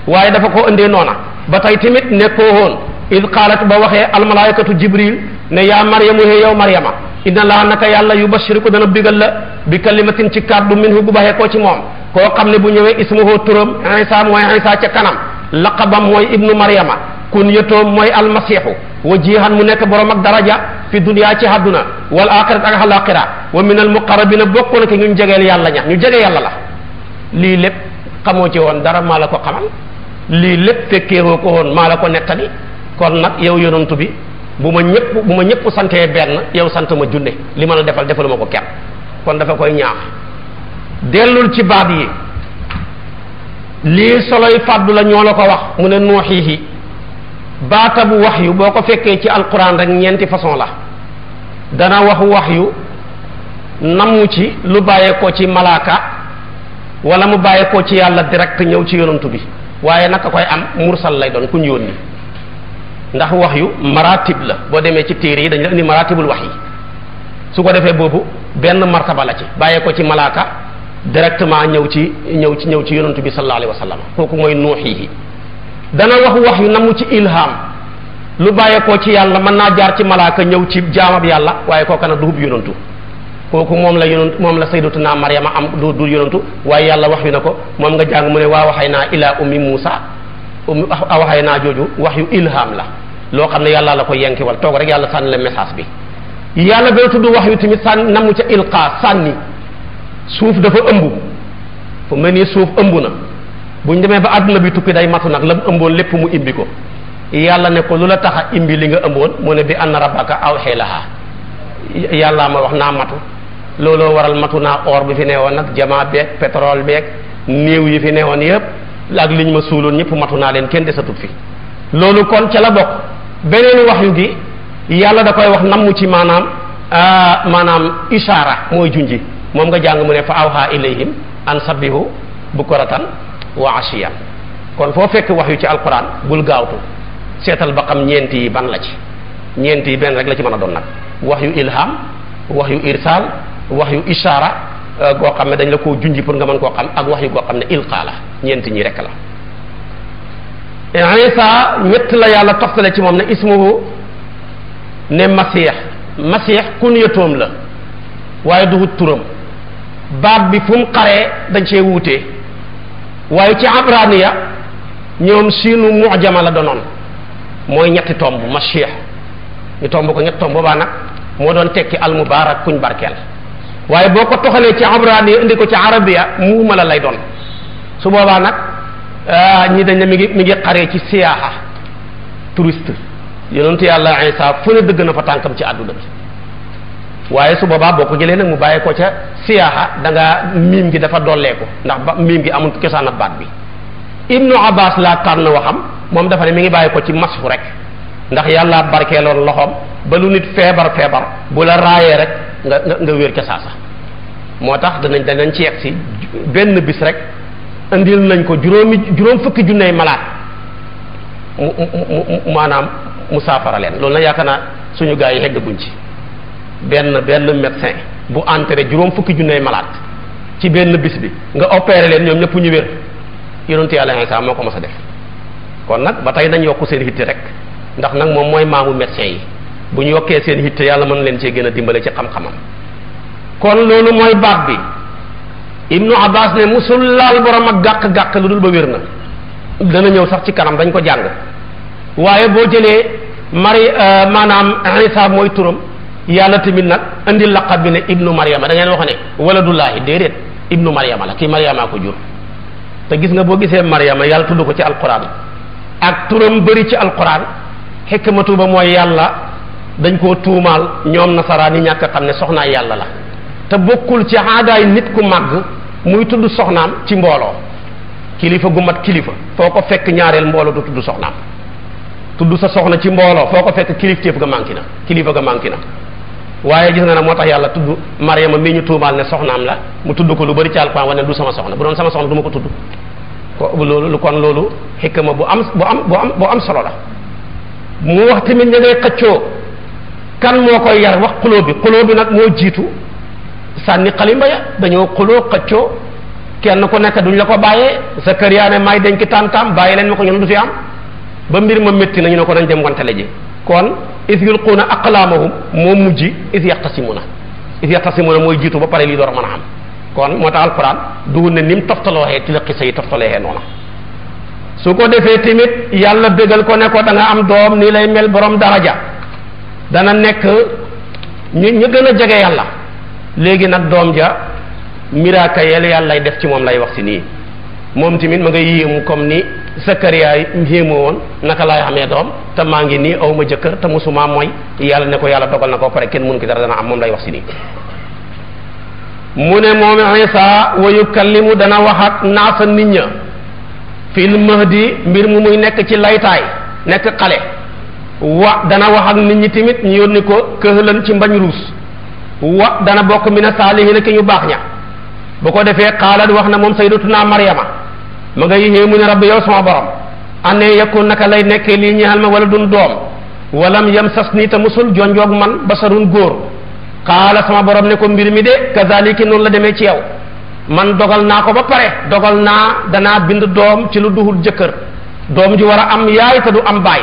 waaye dafa ko indee noona ba tey tamit nekkoo woon id qaalat ba waxee almalaayikatu jibril ne yaa maryamu he yow maryama inna laa naka yàlla yu bashiriku dana bigal la bi kalimatin ci kàddu min hu gu ko ci moom koo xam ne bu ñëwee ismuhu turam isa mooy isa ca kanam laqabam mooy ibnu maryama kun kunyatoom mooy almasiixu wa jihan mu nekk borom ak daraja fi dunia ci àdduna wal axirat ak alaaxira wa min almuqarabina bokk na ki ñu jegeel yàlla ña ñu jege yàlla la lii lépp xamoo ci woon dara maa la ko xamal lii lépp fekkeewoo ko woon maa la ko nettali kon nag yow yonantu bi bu ma ñëpp bu ma ñëpp sante benn yow sant ma junne li ma la defal defaluma ko ker kon dafa koy ñaax dellul ci baat yi lii soloy fàddu la ñoo la ko wax mu ne nuuxiihi baatabu wax yu boo ko fekkee ci alxuraan rek ñeenti façon la dana wax wax yu namu ci lu bàyyeekoo ci malaaka wala mu bàyyeekoo ci yàlla direct ñëw ci yonantu bi waaye naka koy am mursal lay doon ku yoon yónni ndax wax yu maratib la boo demee ci téere yi dañ la indi maratibul wax yi su ko defee boobu benn martaba la ci bàyyee ko ci malaaka directement ñëw ci ñëw ci ñëw ci yonantu bi sallallahu alayhi wa sallam kooku mooy nuuxihi dana wax wax yu namu ci ilham lu bàyyee ko ci yàlla mën naa jaar ci malaaka ñëw ci jaamab yàlla waaye kooka nag duhub yonantu kooku moom la yonent moom la sayyidatuna Maryama am du du yonentu waaye yàlla wax yu na ko moom nga jàng mu ne waa waxay naa ilaa ummi Muusa a ah, ah, waxay naa jooju wax yu ilham la loo xam ne yàlla la ko yenkiwal toog rek yàlla sànni la message bi yàlla dana wax yu tamit sànni namu ca ilqa sànni suuf dafa ëmb mel ni suuf ëmb na buñ demee ba àdduna bi tukki day matu nag la mu ëmboon lépp mu imbi ko yàlla ne ko lu la tax a imbi li nga ëmboon mu ne bi anna rabbaka awxee laha yàllaa ma wax naa matu looloo waral matu naa or bi fi newoon nag jamaa beeg pétrole beeg néew yi fi newoon yépp ak liñ ma suuloon ñëpp matu naa leen kenn desatut fi loolu kon ca la bokk beneen waxyu gi yàlla da koy wax namm ci maanaam maanaam ishaara mooy junji moom nga jàng mu ne fa awha ilayhim an sabbihu bukratan wa ashiyan kon foo fekk waxyu ci alquran bul gaawtu seetal ba xam ñeenti yi ban la ci ñeenti yi benn rek la ci mën a doon nag waxyu ilham waxyu irsal wax yu ishaara euh, goo xam ne dañ la ko junji pour nga mën koo xam ak wax yu goo xam ne ilqaa la ñeent ñi rek la Isa ñett la yàlla toftale ci moom ne ismuhu ne masiix masiix kunyatoom la waaye du turam baat bi fu mu dañ see wuute waaye ci abraniya ñoom siinu mujama la doonoon mooy ñetti tomb masiix ñu tomb ko ñetti tomb boobaa nag moo doon tekki almubaarak kuñ barkeel waaye boo ko toxalee ci abrani indi ko ci arabiya muumala lay doon su boobaa nag ah, ñi dañ ne mi ngi mi ngi xaree ci siyaaxa touriste yonentu yàlla Isa fu ne dëgg na fa tànkam ci àdduna bi waaye su boobaa boo ko jëlee nag mu bàyyi ko ca siyaaxa da nga miim gi dafa dolleeku ndax ba miim gi amul cosaan ak baat bi ibnu abbas laa tànn waxam moom dafa ne mi ngi bàyyi ko ci masfu rek ndax yàlla barkeeloon loxoom ba lu nit feebar feebar bu la raayee rek nga nga wér ca saasa moo tax danañ danañ ci yegg si benn bis rek indil nañ ko juróomi juróom fukki junney malaat mu mu maanaam mu saafara leen loolu na yaakaar naa suñu gaa yi heggaguñ ci benn benn médecin bu enteré juróom fukki junney malaat ci benn bis bi nga opéré leen ñoom ñëpp ñu wér yonentu yàlla Isaa moo ko mës sa def kon nag ba tey nañ yokk seen hitti rek ndax nag moom mooy maamu médecin yi bu ñu yokkee seen yitte yàlla mën leen cee gën a dimbale ci xam-xamam kon loolu mooy baat bi ibnu abbas ne musul laal borom ak gàq-gàq lu dul ba wér na dana ñëw sax ci kanam dañ ko jàng waaye boo jëlee mari euh, maanaam isa mooy turam yàlla tamit nag indi laqab bi ne ibnu mariama da ngeen wax ne waladullahi déedéet ibnu mariama la kii mariama ko jur te gis nga boo gisee mariama yàlla tudd ko ci alquran ak turam bëri ci alquran xikmatu ba mooy dañ koo tuumaal ñoom nasaraan yi ñàkk a xam ne soxnaa yàlla la te bokkul ci aadaay nit ku màgg muy tudd soxnaam ci mbooloo kilifa gu mat kilifa foo ko fekk ñaareel mbooloo du tudd soxnaam tudd sa soxna ci mbooloo foo ko fekk kilif ga manqué na kilifa ga na waaye gis nga ne moo tax yàlla tudd Mariama mii ñu tuumaal ne soxnaam la mu tudd ko lu bari ci alxuraan wane du sama soxna bu doon sama soxna du ma ko tudd ko loolu kon loolu xikma bu am bu am bu am solo la kan moo koy yar wax xuloo bi xuloo bi nag moo jiitu sànni xalimba ya dañoo xuloo xëccoo kenn ku nekk duñ la ko bàyyee Sakariya ne may denc tàntaam bàyyi leen ma ko ñun du fi am ba mbir ma métti nañu ne ko dañ dem wantale ji kon is yulquuna aqlaamahum moo mujj is yaxtasimuna is a mooy jiitu ba pare lii door a mën a am kon moo tax alquran duhul ne ni mu toftaloxee ci la xisa yi toftaloxee noona su ko defee tamit yàlla bégal ko ne ko nga am doom nii lay mel borom daraja dana nekk ñu ñu gën a jege yàlla léegi nag doom ja miraaka yel yàllay def ci moom lay wax si nii moom timit ma ngay yéemu comme ni yaay yéemu woon naka laay xamee doom te maa ngi nii awma jëkkër te musuma mooy yàlla ne ko yàlla dogal na ko pare kenn mënu ki dara dana am moom lay wax si nii mu ne moom Isa wa yukallimu dana wax ak naasa nit ña fil di mbir mu muy nekk ci laytaay nekk xale wa dana wax ak nit ñi tamit ñu yónni ko këhlan ci mbañ ruus wa dana bokk mi mina saalihiina ki ñu baax ña bu ko defee xaalat wax na moom sayyidatuna Maryama ma nga yéexee mu ne rabbi yow sama borom année naka lay nekkee lii ñeexal ma wala dun doom walam yam sas nii te musul jonjoog man basarun góor xaala sama borom ne ko mbir mi de kazaliki noonu la demee ci yow man dogal naa ko ba pare dogal naa danaa bind doom ci lu duhul jëkkër doom ji war a am yaay te du am baay.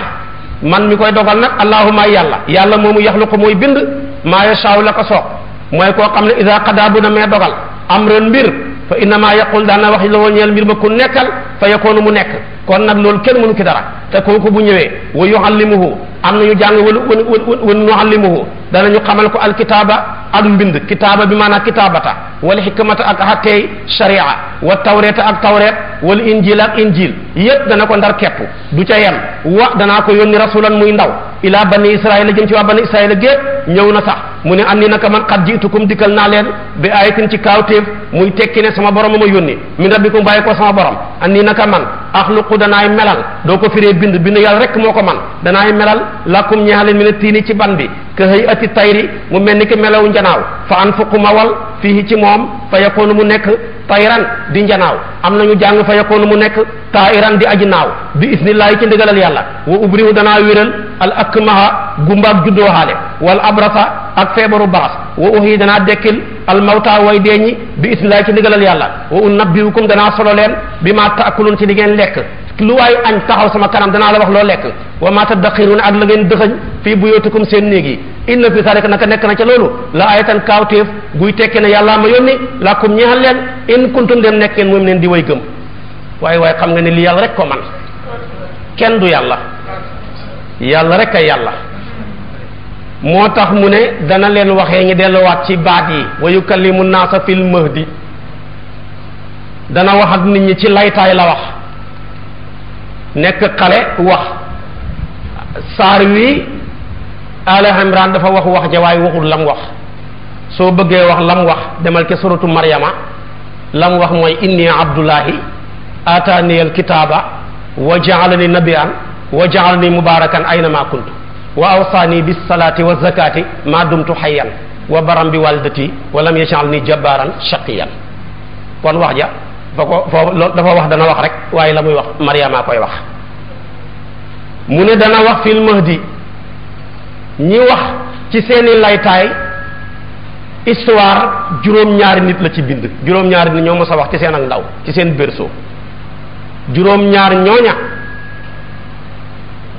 man mi koy dogal nag allahuma yàlla yàlla moomu ko mooy bind maa yashaaw la ko soob mooy koo xam ne ida qada na mee dogal amran mbir fa innama yaqul daana wax la ñeel mbir ma ku nekkal fa yakoonu mu nekk kon nag loolu kenn mënu ki dara te kooku bu ñëwee wa yuallimuhu am na ñu jàng wala wa nuallimuhu danañu xamal ko alkitaaba ak mbind kitaaba bi maanaam kitaabata wala xikmata ak attey sharia wa tawreta ak tawret wala injil ak injil yépp dana ko ndar kepp du ca yem wa danaa ko yónni rasulan muy ndaw ila bani israila jëm ci waa bani israila gépp ñëw na sax mu ne am naka man xat jiitukum dikkal naa leen bi ayatin ci kaawteef muy tekki ne sama borom ma yónni min rabbikum bàyyi ko sama borom andi naka man axluqu danaay melal doo ko firee bind bind yàlla rek moo ko man danaay melal lakum ñaale mi ne tiini ci ban bi ka ati tayri mu mel ni ki melaw njanaaw fa an fuqu mawal fihi ci moom fa yakoonu mu nekk tayran di njanaaw am nañu jàng fa yakoonu mu nekk tairan di aji naaw bi isnillahi ci ndigalal yàlla wa ubrihu danaa wéral al akmaha gumbaak juddoo xaale wal abrasa ak feebaru baas wa uhi danaa dekkil almawta way deeñi bi ismillahi ci ndigalal yàlla wa unabbiukum danaa solo leen bi ma taakulun ci li ngeen lekk lu waayu añ taxaw sama kanam danaa la wax loo lekk wa ma taddaxiruuna ak la ngeen dëxëñ fii buyootikum seen néeg yi inna fi zalika naka nekk na ca loolu la ayatan kaawteef guy tekke ne yàllaa ma yónni lakum ñeexal leen in kuntum dem nekk ngeen moom leen di way gëm waaye waaye xam nga ne li yàlla rek ko man du yàlla yàlla rek yàlla moo tax mu ne dana leen waxee ñi delluwaat ci baat yi wa yukallimu naasa fil mahdi dana wax ak nit ñi ci laytaay la wax nekk xale wax saar wi ala imran dafa wax wax ja waaye waxul lam wax soo bëggee wax lam wax demal ke suratu la mu wax mooy inni abdullahi ataaniyal kitaaba wa jaalani nabiyan wa jaalani mubaarakan aynama kuntu wa awsaani bis salaati wa zakaati maa dumtu xayyan wa baram bi waldati wa lam yaj'alni jabbaaran shaqiyan kon wax ja fa ko foo loolu dafa wax dana wax rek waaye la muy wax Mariama koy wax mu ne dana wax fil mahdi ñi wax ci seeni laytaay histoire juróom-ñaari nit la ci bind juróom-ñaari mës a wax ci seen ndaw ci seen berceau juróom-ñaar ñooña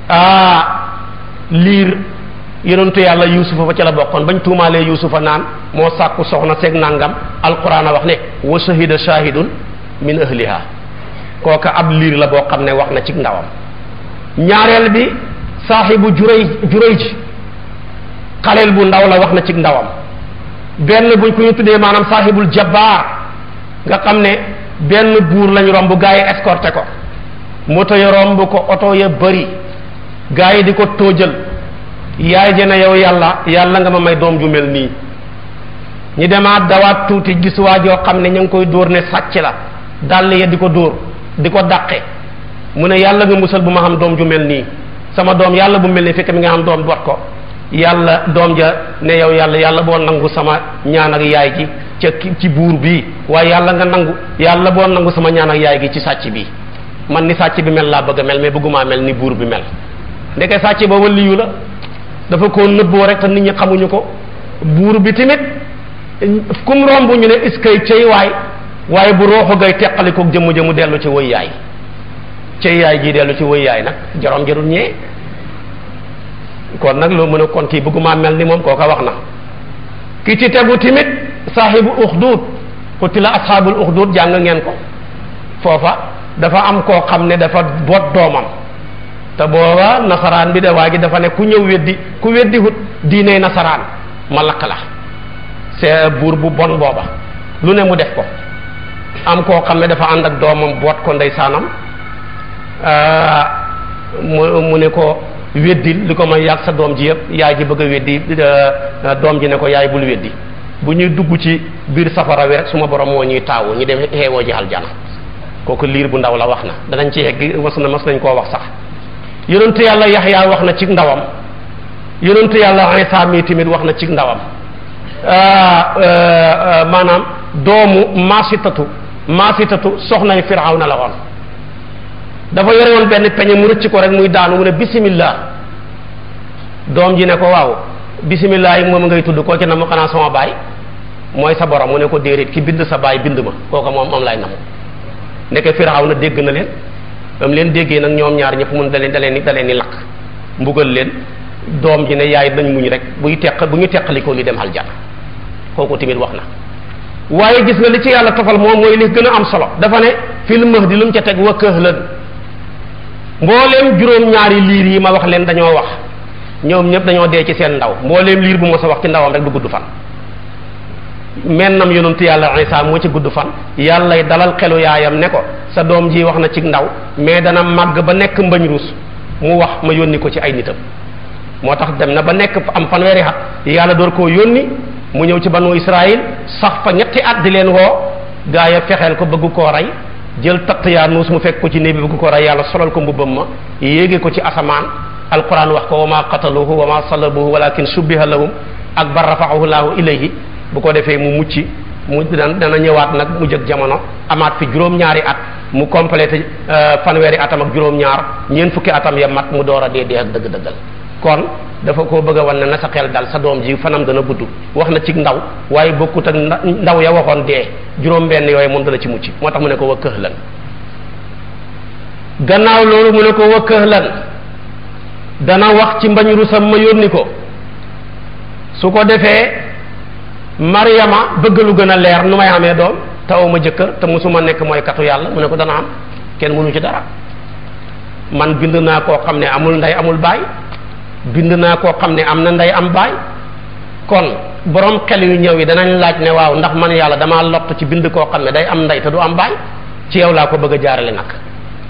ah liir yonentu yàlla yuusufa fa ci la bokkoon bañ tuumaalee yuusufa naan moo sàkku soxna seeg nàngam alquran a wax ne wa shahida kooka ab liir la boo xam ne wax na ci ndawam ñaareel bi saaxibu juray juray ji xaleel bu ndaw la wax na ci ndawam benn buñ ko ñu tuddee maanaam saaxibul jabbaar nga xam ne benn buur lañ romb gaa yi escorté ko moto ya romb ko oto ya bari gaa yi di ko tóojal yaay ji na yow yàlla yàlla nga ma may doom ju mel nii ñi demaat dawaat tuuti gis waa joo xam ne ñu ngi koy dóor ne sàcc la dàll ya di ko dóor di ko dàqe mu ne yàlla nga musal bu ma xam doom ju mel nii sama doom yàlla bu mel nii fekk mi nga xam doom bot ko yàlla doom ja ne yow yàlla yàlla boo nangu sama ñaan ak yaay gi ca ci buur bii waaye yàlla nga nangu yàlla boo nangu sama ñaan ak yaay gi ci sàcc bi man ni sàcc bi mel laa bëgg a mel mais bëggumaa mel ni buur bi mel ndeke sàcc ba waliyu la dafa ko nëbboo rek te nit ñi xamuñu ko buur bi tamit kum romb ñu ne iskay cey waay waaye bu rooxu gay teqalikook jëmm jëmm dellu ci wëy yaay cey yaay ji dellu ci wëy yaay nag jarom jarul ñee kon nag loo mën a kon kii bëgguma mel ni moom koo ko wax na ki ci tegu timit saaxibu uxduud xutila asxaabul uxduud jàng ngeen ko foofa dafa am koo xam ne dafa boot doomam te booba nasaraan bi da waa gi dafa ne ku ñëw weddi ku weddi hut diine nasaraan ma lakk la c'est buur bu bon booba lu ne mu def ko am koo xam ne dafa ànd ak doomam boot ko ndeysaanam mu mu ne ko weddil li ko may yàgg sa doom ji yëpp yaay ji bëgg a weddi doom ji ne ko yaay bul weddi bu ñuy dugg ci biir safara wi rek suma borom moo ñuy taawu ñu dem xeewoo ji aljana kooku liir bu ndaw la wax na danañ ci yegg mas nañ koo wax sax yonentu yàlla yaxyaa wax na ci ndawam yonentu yàlla Isaa mi tamit wax na ci ndawam ah, ah, ah, maanaam doomu maasitatu maasitatu soxnay firawna la woon dafa yore woon benn peñe mu rëcc ko rek muy daanu mu ne bisimilah doom ji ne ko waaw bisimilah yi moom ngay tudd koo ci na ma xanaa sama baay mooy sa borom mu ne ko déedéet ki bind sa baay bind ma kooka moom am lay namu ndeke firawna dégg na leen ba leen déggee nag ñoom ñaar ñëpp mun dalee daleen ni daleen ni lakk mbugal leen doom ji ne yaay dañ muñ rek buy teq bu ñu teqalikoo ñu dem aljana kooku tamit wax na waaye gis nga li ci yàlla tofal moom mooy li gën a am solo dafa ne fil mahdi lu mu ca teg wa këhlan mbooleem juróom-ñaari liir yi ma wax leen dañoo wax ñoom ñëpp dañoo dee ci seen ndaw mbooleem liir bu mos a wax ci ndawam rek du gudd fan mennam yonentu yàlla Isa moo ci gudd fan yàllay dalal xelu yaayam ne ko sa doom ji wax na cig ndaw mais dana màgg ba nekk mbañ ruus mu wax ma yónni ko ci ay nitam moo tax dem na ba nekk am fanweeri at yàlla door koo yónni mu ñëw ci banu Israël sax fa ñetti at di leen woo gaa ya fexeel ko bëgg koo rey jël tatt yaa nuus mu fekk ko ci néeg bi bëgg koo rey yàlla solal ko mbubbam ma yéege ko ci asamaan alquran wax ko wa ma qataluhu wa ma salabuhu walakin shubbiha lahum ak bar rafaahu laahu bu ko defee mu mucc mu dana ñëwaat nag mu jëg jamono amaat fi juróom-ñaari at mu complété euh, fanweeri atam ak juróom-ñaar ñeent fukki atam ya mat mu door a dee dee ak dëgg-dëggal kon dafa koo bëgg a wan ne na sa xel dal sa doom ji fanam dana gudd wax na ci ndaw waaye bokkut ak ndaw ya waxoon dee juróom-benn yooyu moom dana ci mucci moo tax mu ne ko wa këhlan gannaaw loolu mu ne ko wa këhlan dana wax ci mbañ rusam ma yónni ko su ko defee Maryama bëgg lu gën a leer nu may amee doom taw ma jëkkër te ma nekk mooy katu yàlla mu ne ko dana am kenn mënu ci dara man bind naa koo xam ne amul ndey amul baay bind naa koo xam ne am na ndey am baay kon borom xel yu ñëw yi danañ laaj ne waaw ndax man yàlla damaa lott ci bind koo xam ne day am ndey te du am baay ci yow laa ko bëgg jaarale nag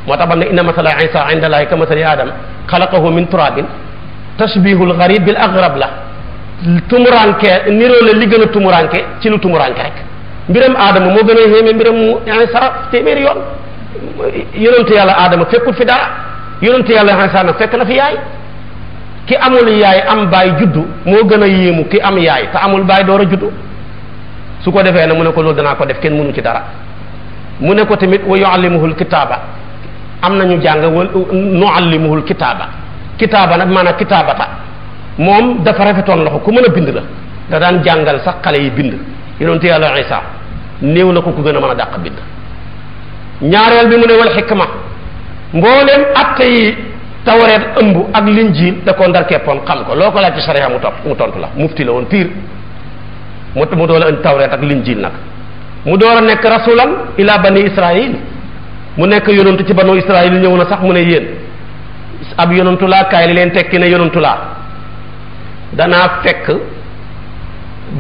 moo tax bam ne inna masala isa inda allahi ka masali adam xalaqahu min turabin tashbihul gharib bil agrab la tumuranke niroo la li gën a tumuraanke ci lu tumuraanke rek mbiram aadama moo gën a yéeme mbiram mu saraf téeméeri yoon yonente yàlla aadama fekkut fi dara yonente yàlla insaana fekk na fi yaay ki amul yaay am baay juddu moo gën a yéemu ki am yaay te amul baay door a juddu su ko defee na mu ne ko loolu danaa ko def kenn mënu ci dara mu ne ko tamit wa yuallimuhul kitaaba am nañu jàng wa nuallimuhul kitaaba kitaaba nag maanaam kitaabata moom dafa rafetoon loxo ku mën a bind la da daan jàngal sax xale yi bind yonente yàlla Isa néew na ko ku gën a mën a dàq bind ñaareel bi mu ne wal xikma mbooleem atte yi tawareet ëmb ak linjiil da ko ndar keppoon xam ko loo ko laaj ci sariya mu mu tontu la mufti la woon piir mu mu door a indi tawreet ak linjiil nag mu door a nekk rasulan ila bani israil mu nekk yonantu ci banu israil ñëw na sax mu ne yéen ab yonantu laa kaay leen tekki na yonantu danaa fekk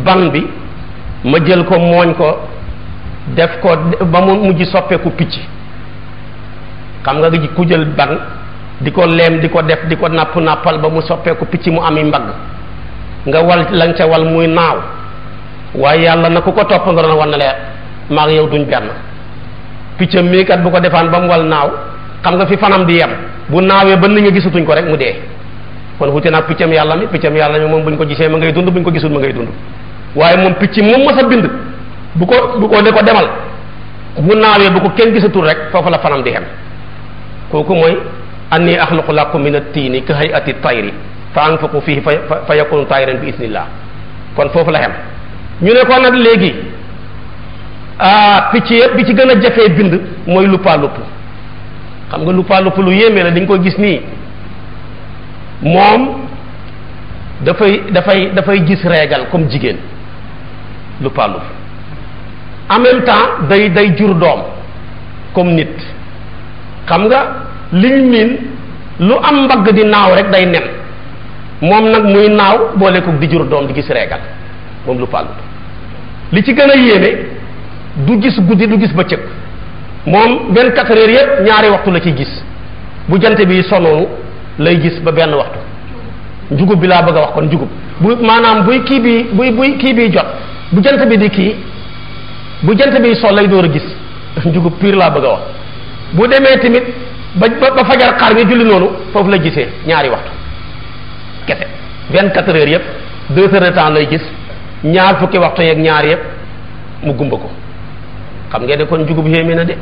ban bi ma jël ko mooñ ko def ko ba mu mujj soppeeku picc xam nga ku jël ban di ko leem di ko def di ko napp nappal ba mu soppeeku picc mu ami mbagg nga wal lañ ca wal muy naaw waaye yàlla na ku ko topp nga doon wan ne maa ngi yow duñ benn piccam mii kat bu ko defaan ba mu wal naaw xam nga fi fanam di yem bu naawee ba ni nga gisatuñ ko rek mu dee kon wuté nak piccam yalla mi piccam yalla mi mom buñ ko gisé ma ngay dund buñ ko gisul ma ngay dund waye mom picc mom mësa bind bu ko bu ko ne ko demal bu naawé bu ko kenn gisatul rek fofu la fanam di hem koku moy anni akhluqu lakum min at-tin ka hay'ati at-tayr fa anfaqu fihi fa yakunu tayran bi idhnillah kon fofu la hem ñu ne ko nak légui ah picc yépp ya, bi ci gëna jafé bind moy lupa lupp xam nga lupa lupp lu yéme la dañ ko gis ni moom dafay dafay dafay gis reegal comme jigéen lu pàllu en même temps day day jur doom comme nit xam nga liñ miin lu am mbagg di naaw rek day nen moom nag muy naaw boole ko di jur doom di gis reegal moom lu pàllu li ci gën a yéeme du gis guddi du gis ba bëccëg moom vingt-quatre heures yépp ñaari waxtu la ci gis bu jant bi sonoonu lay gis ba benn waxtu njugub bi laa bëgg a wax kon njugub bu maanaam buy kii bi buy buy kii bi jot bu jant bi di kii bu jant bi sol lay door a gis njugub piir laa bëgg a wax bu demee tamit ba ba fajar xar mi julli noonu foofu la gisee ñaari waxtu kese vingt quatre heures yëpp deux heures de lay gis ñaar fukki waxtu yeeg ñaar yëpp mu gumba ko xam ngeen ne kon njugub yéeme na de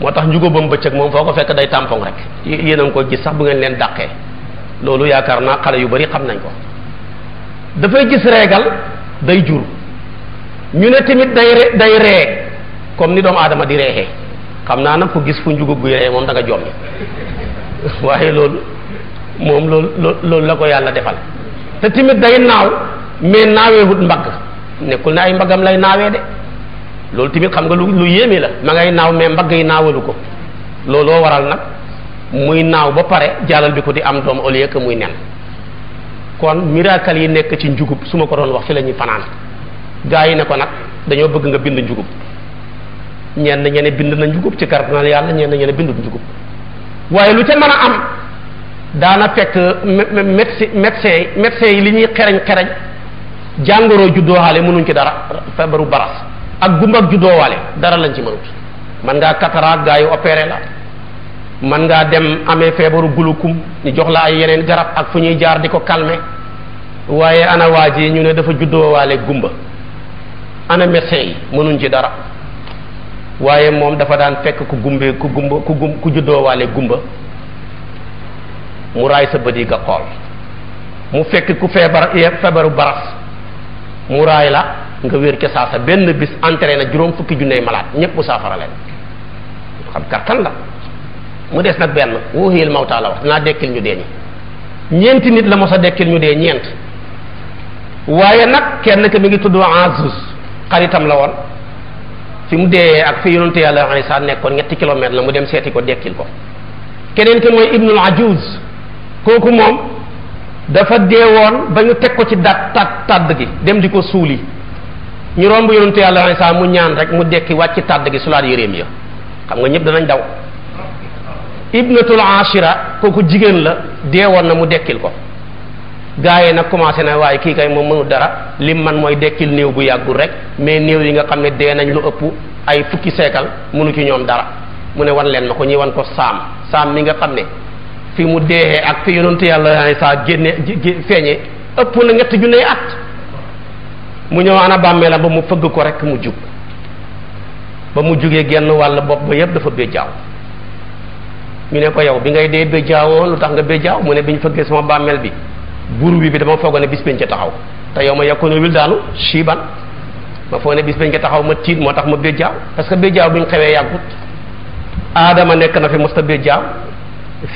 moo tax njugóobam bëccëg moom foo ko fekk day tampon rek yéen a ngi ko gis sax bu ngeen leen dàqee loolu yaakaar naa xale yu bari xam nañ ko dafay gis reegal day jur ñu ne tamit day re day ree comme ni doomu aadama di reexee xam naa nag ku gis fu njugub buy ree moom da nga jommi waaye loolu moom loolu loolu la ko yàlla defal te tamit day naaw mais naawee wut mbagg nekkul ne ay mbaggam lay naawee de loolu tamit xam nga lu lu yéeme la ma ngay naaw mais mbagg yi naawalu ko looloo waral nag muy naaw ba pare jàllal bi ko di am doom au lieu que muy nen kon miracle yi nekk ci njugub su ma ko doon wax fi la ñuy fanaan gaa yi ne ko nag dañoo bëgg nga bind njugub ñenn bind na njugub ci cardinal yàlla ñenn njugub waaye lu ca mën a am daana fekk médecin médecin médecin yi li ñuy xereñ xereñ jàngoro juddoo xaale mënuñ ci dara baras ak gumba ak juddoowaale dara lañ ci mënut mën ngaa cataracte gaa yu opeere la mën ngaa dem amee feebaru gulukum ñu jox la ay yeneen garab ak fu ñuy jaar di ko calmer waaye ana waa ji ñu ne dafa juddoowaale gumba ana médecin yi mënuñ ci dara waaye moom dafa daan fekk ku gumbe ku gumba ku gum ku juddoowaale gumba mu raay sa bët yi nga xool mu fekk ku feebar feebaru baras mu raay la nga wér ca benn bis entraîné na juróom fukki junney malade ñépp bu saafara leen xam kattan la mu des nag benn wuuxiyil mawtaa la wax dinaa dekkil ñu dee ñi ñeenti nit la mos a dekkil ñu dee ñeent waaye nag kenn ki mi ngi tudd Azus xaritam la woon fi mu dee ak fi yonente yàlla Isa nekkoon ñetti kilomètre la mu dem seeti ko dekkil ko keneen ki mooy Ibnul Ajuz kooku moom dafa dee woon ba ñu teg ko ci dat tàdd gi dem di ko suuli ñu romb yonentu yàlla Isaa mu ñaan rek mu dekki wàcc tàdd gi sulaat yéreem ya xam nga ñëpp danañ daw ibnatul ashira kooku jigéen la deewoon na mu dekkil ko gaa yi nag commencé na waaye kii kay moom mënu dara li man mooy dekkil néew bu yàggul rek mais néew yi nga xam ne dee nañ lu ëpp ay fukki seekal mënu ci ñoom dara mu ne wan leen ma ko ñuy wan ko saam saam mi nga xam ne fi mu dee ak fi yonentu yàlla Isaa génne feeñee ëpp na ñett ne at mu ñëw ana bàmmeelam ba mu fëgg ko rek mu jug ba mu jugee genn wàll bopp ba yépp dafa béjjaaw ñu ne ko yow bi ngay dee béjjaawoo lu tax nga béjjaaw mu ne bi ñu fëggee sama bàmmeel bi buur wi bi dama foogoon ne bis bañ ca taxaw te yow ma yekkoon wil daanu siiban ma foog ne bis bañ ca taxaw ma tiit moo tax ma béjjaaw parce que béjjaaw bi mu xewee yàggut aadama nekk na fi mosta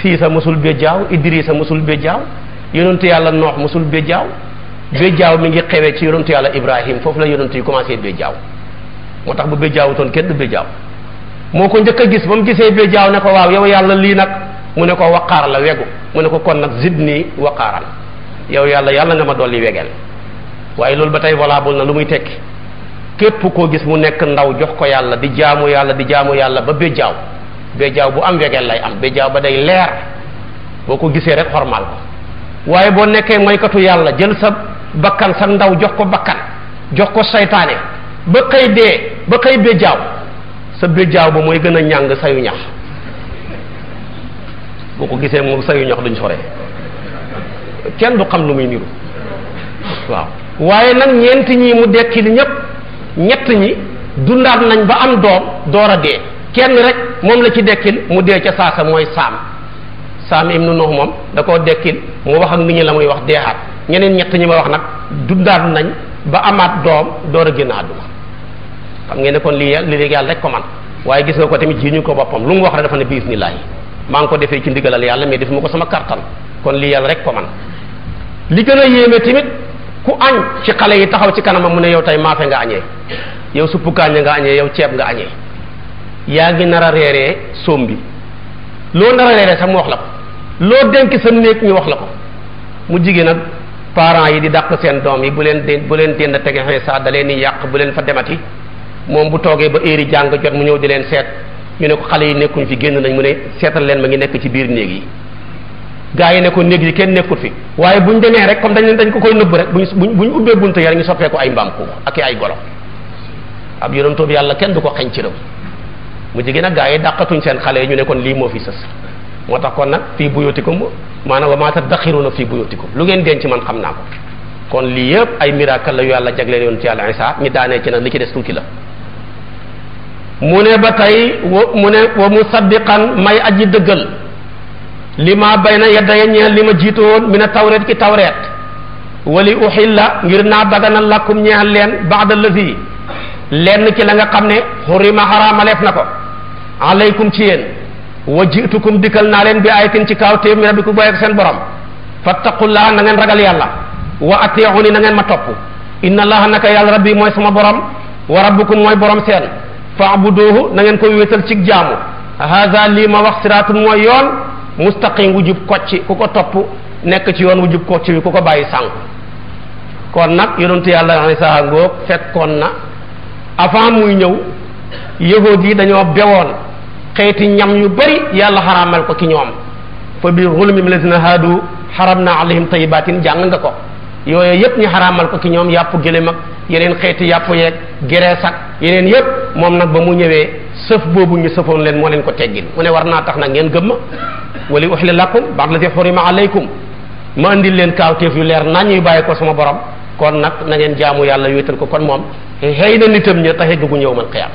fii sa mosul béjjaaw idrisa mosul béjjaaw yonentu yàlla noox mosul béjjaaw jaaw mi ngi xewee ci yonantu yàlla ibrahim foofu la yonantu yi commencé béjjaaw moo tax bu béjjaawutoon kenn du béjjaaw moo ko njëkk a gis ba mu gisee béjjaaw ne ko waaw yow yàlla lii nag mu ne ko waqaar la wegu mu ne ko kon nag zidni waqaaran yow yàlla yàlla nga ma dolli wegeel waaye loolu ba tey valable na lu muy tekki képp koo gis mu nekk ndaw jox ko yàlla di jaamu yàlla di jaamu yàlla ba béjjaaw jaaw bu am wegeel lay am béjjaaw ba day leer ko gisee rek xormaal ko sa bakkan sa ndaw jox ko bakkan jox ko seytaane ba xëy dee ba xëy béjjaaw sa béjjaaw ba mooy gën a ñàng sayu ñax boo ko gisee moom sayu ñax duñ sore kenn du xam lu muy niru waaw waaye nag ñeent ñi mu dekkil ñépp ñett ñi dundaat nañ ba am doom door a dee kenn rek moom la ci dekkil mu dee ca saasa mooy saam saam ibnu Nuh moom da koo dekkil mu wax ak nit ñi la muy wax deexaat ñeneen ñett ñi ma wax nag dundaan nañ ba amaat doom door a génn àdduna xam ngeen ne kon lii li léegi yàlla rek ko man waaye gis nga ko tamit jiñu ko boppam lu mu wax rek dafa ne biis ni laay maa ngi ko defee ci ndigalal yàlla mais defuma ko sama kartan kon lii yàlla rek ko man li gën a yéeme tamit ku añ ci xale yi taxaw ci kanamam mu ne yow tey maafe nga añee yow suppu kaañ nga añee yow ceeb nga añee yaa ngi nar a reeree soom bi loo nar a reeree sax mu wax la ko loo denk sa néeg ñu wax la ko mu jigéen nag parents yi di dàq seen doom yi bu leen de bu leen dénn tege xeesa da leen di yàq bu leen fa demati moom bu toogee ba heure jàng jot mu ñëw di leen seet ñu ne ko xale yi nekkuñ fi génn nañ mu ne seetal leen ma ngi nekk ci biir néeg yi gaa yi ne ko néeg yi kenn nekkut fi waaye buñ demee rek comme dañ leen dañ ko koy nëbb rek buñ buñ buñ ubbee bunt ya ñu soppee ay mbaam xuux ak ay golo ab yonantoobu yàlla kenn du ko xañ ci réew mu jigéen ak gaa yi dàqatuñ seen xale yi ñu ne lii moo fi sës moo tax kon nag fii buyutikum maanaam wa maa taddaxiruuna fii buyutikum lu ngeen denc man xam naa ko kon lii yëpp ay miracle la yu yàlla jagleel yoon ci yàlla Isaa ñi daanee ci nag li ci des tuuti la mu ne ba tey wa mu ne wa musaddiqan may aji dëggal li ma bay na yeddaya ñeel li ma jiitu woon mi ne tawreet ki tawreet wali uxilla ngir naa bagana lakkum ñeel leen baada lazi lenn ci la nga xam ne xurima xaraamaleef na ko aleykum ci yéen wa jiitukum dikkal naa leen bi ayatin ci kaw téef mi rabbikum booy ak seen borom fattaqullaa na ngeen ragal yàlla wa ateexu ni na ngeen ma topp inna allaha naka yàlla rabbi mooy sama borom wa rabbukum mooy borom seen faabuduhu na ngeen ko wéetal cig jaamu haza lii ma wax siraatun mooy yoon mustaqim wu jub kocci ku ko topp nekk ci yoon wu jub kocci wi ku ko bàyyi sànku kon nag yonentu yàlla na saa ngóog fekkoon na avant muy ñëw yahud yi dañoo bewoon xeeti ñam yu bari yàlla xaraamal ko ki ñoom fa bi zulmi lazina haadu xaram na alayhim tayibatin jàng nga ko yooyu yépp ñu xaraamal ko ki ñoom yàpp gëléem ak yeneen xeeti yàpp yeeg gerees ak yeneen yépp moom nag ba mu ñëwee sëf boobu ñu sëfoon leen moo leen ko teggil mu ne war naa tax nag ngeen gëm ma wali uxli lakum ba'd lati xurima alaykum ma andil leen kaawteef yu leer nañ ñuy bàyyi ko sama borom kon nag na ngeen jaamu yàlla wéetal ko kon moom xëy na nitam ña taxe gu ñëw man xiyaam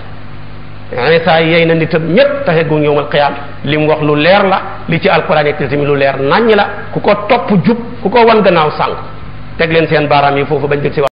Isa yey na nitam ñépp taxe gu yowmal qiyaam li mu wax lu leer la li ci alquran si tamit lu leer naññ la ku ko topp jub ku ko wan gannaaw sànq teg leen seen baaraam yi foofu bañ ci si